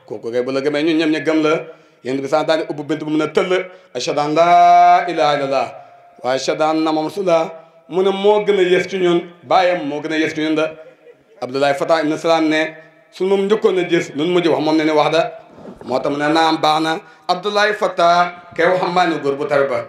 kooku bu gëmee ñun ñoom gëm la yonent bi saa daal di ubbi bint bu mun a tëll ashhadu an laa ilaaha illallah wa ashhadu anna muhammadan rasulullah mu ne moo gën a yées ci ñun baayam moo gën a yées ci ñun da Abdoulaye Fattah ibn Salam ne suñ moom njëkkoon na gis nun mujj wax moom ne ni wax da moo tax mu ne naam baax na abdoulaye fatta kay waxambaane góor bu tabe ba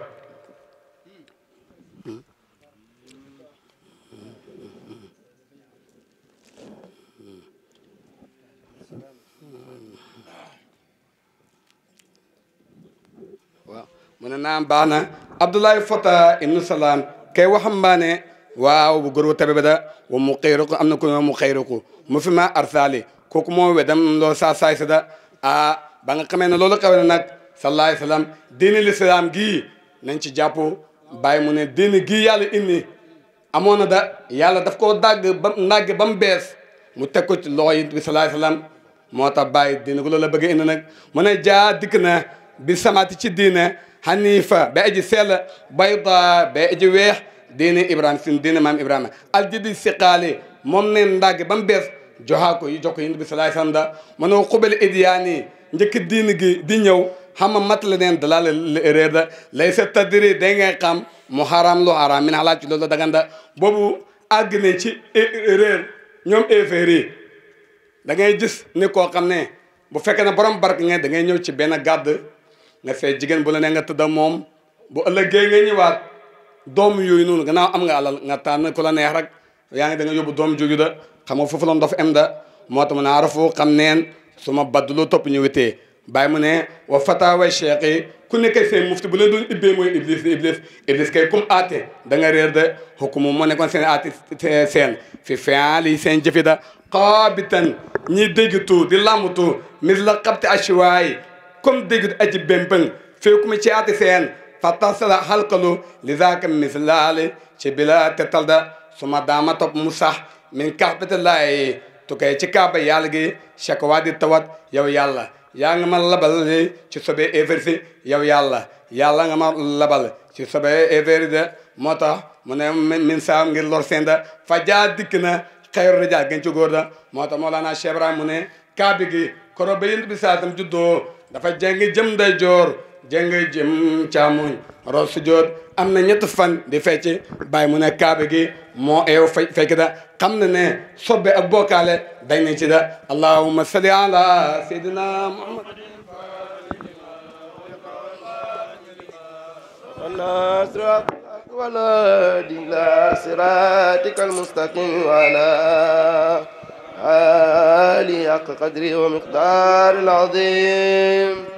waaw mu ne naam na abdoulaye fatta bu góor bu tabe ba mu xëyru na ko mu xëyru mu fi ma arsaali kooku moo wedam loolu saa saay sada ah ba nga xamee ne loolu xew na nag sallallahu alayhi wa sallam diine lislaam gii nañ ci jàpp bàyyi mu ne diine gii yàlla indi amoon na da yàlla daf ko dàgg ba ndàgg ba bees mu teg ko ci loxo yi bi sallallahu moo tax bàyyi diine ko loolu la bëgg a indi nag mu ne jaa dikk na bi samaati ci diine hanifa ba aji sell bayda ba aji weex diine ibrahima sin diine maam ibrahima aljidi siqaali moom ne ndàgg ba mu bees johaako yi jokko bi salay sanda mano kuɓel idiyani jekki dini gi di ñëw hama matle nen dalala rerda lay se tadiri denge kam mu haram lo haram min halaci lolo daganda bobu aggine ci reer ñoom efeeri da ngay gis ni koo xam ne bu fekkee ne borom barke ngee da ngay ñëw ci benn gàdd nga fee jigéen bu la nee nga tëdda moom bu ëllëgee nga ñëwaat doom yooyu noonu gannaaw am nga alal nga tànn ku la neex rek yaa ngi da nga yóbbu doom jógi da xam nga foofu loon daf em da moo ta mu ne arafu xam neen su ma badduloo topp ñu witee bàyyi mu ne wa fatawa cheikh yi ku nekkee seen mufti bu leen doon ibbee mooy iblis di iblis iblis kay comme aate da nga réer de xukumu moo nekkoon seen aate seen fi fial yi seen jëfi da ñi déggtu di làmmutu mis la xabti achiwaay comme déggut aji bémpëng feeku mi ci aate seen fatasala xalkalu li zaaka mislaali ci bila tetal da suma daama topp mu sax min kaxbatillahi tukkee ci kaaba yàlla gi shakwaadi tawat yow yàlla yaa nga ma labal ci sobe évér si yow yàlla yàlla nga ma labal ci sobe évér de moo tax mu ne min saam ngir lor seen fa fajaa dikk na xeyru rijaal gën ci góor da moo tax Mawlana Cheikh Ibrahima mu ne kaabi gi koro ba yent bi saasam doo dafa jëngi jëm day joor jëngi jëm caamuñ ros su am na ñetti fan di fecc bay mu ne kaabe gi mo ew fekk da xam na ne sobbe ak bokale day nañ ci da allahumma salli ala sayyidina muhammad ولا إلى صراطك المستقيم وعلى آل حق قدره ومقدار العظيم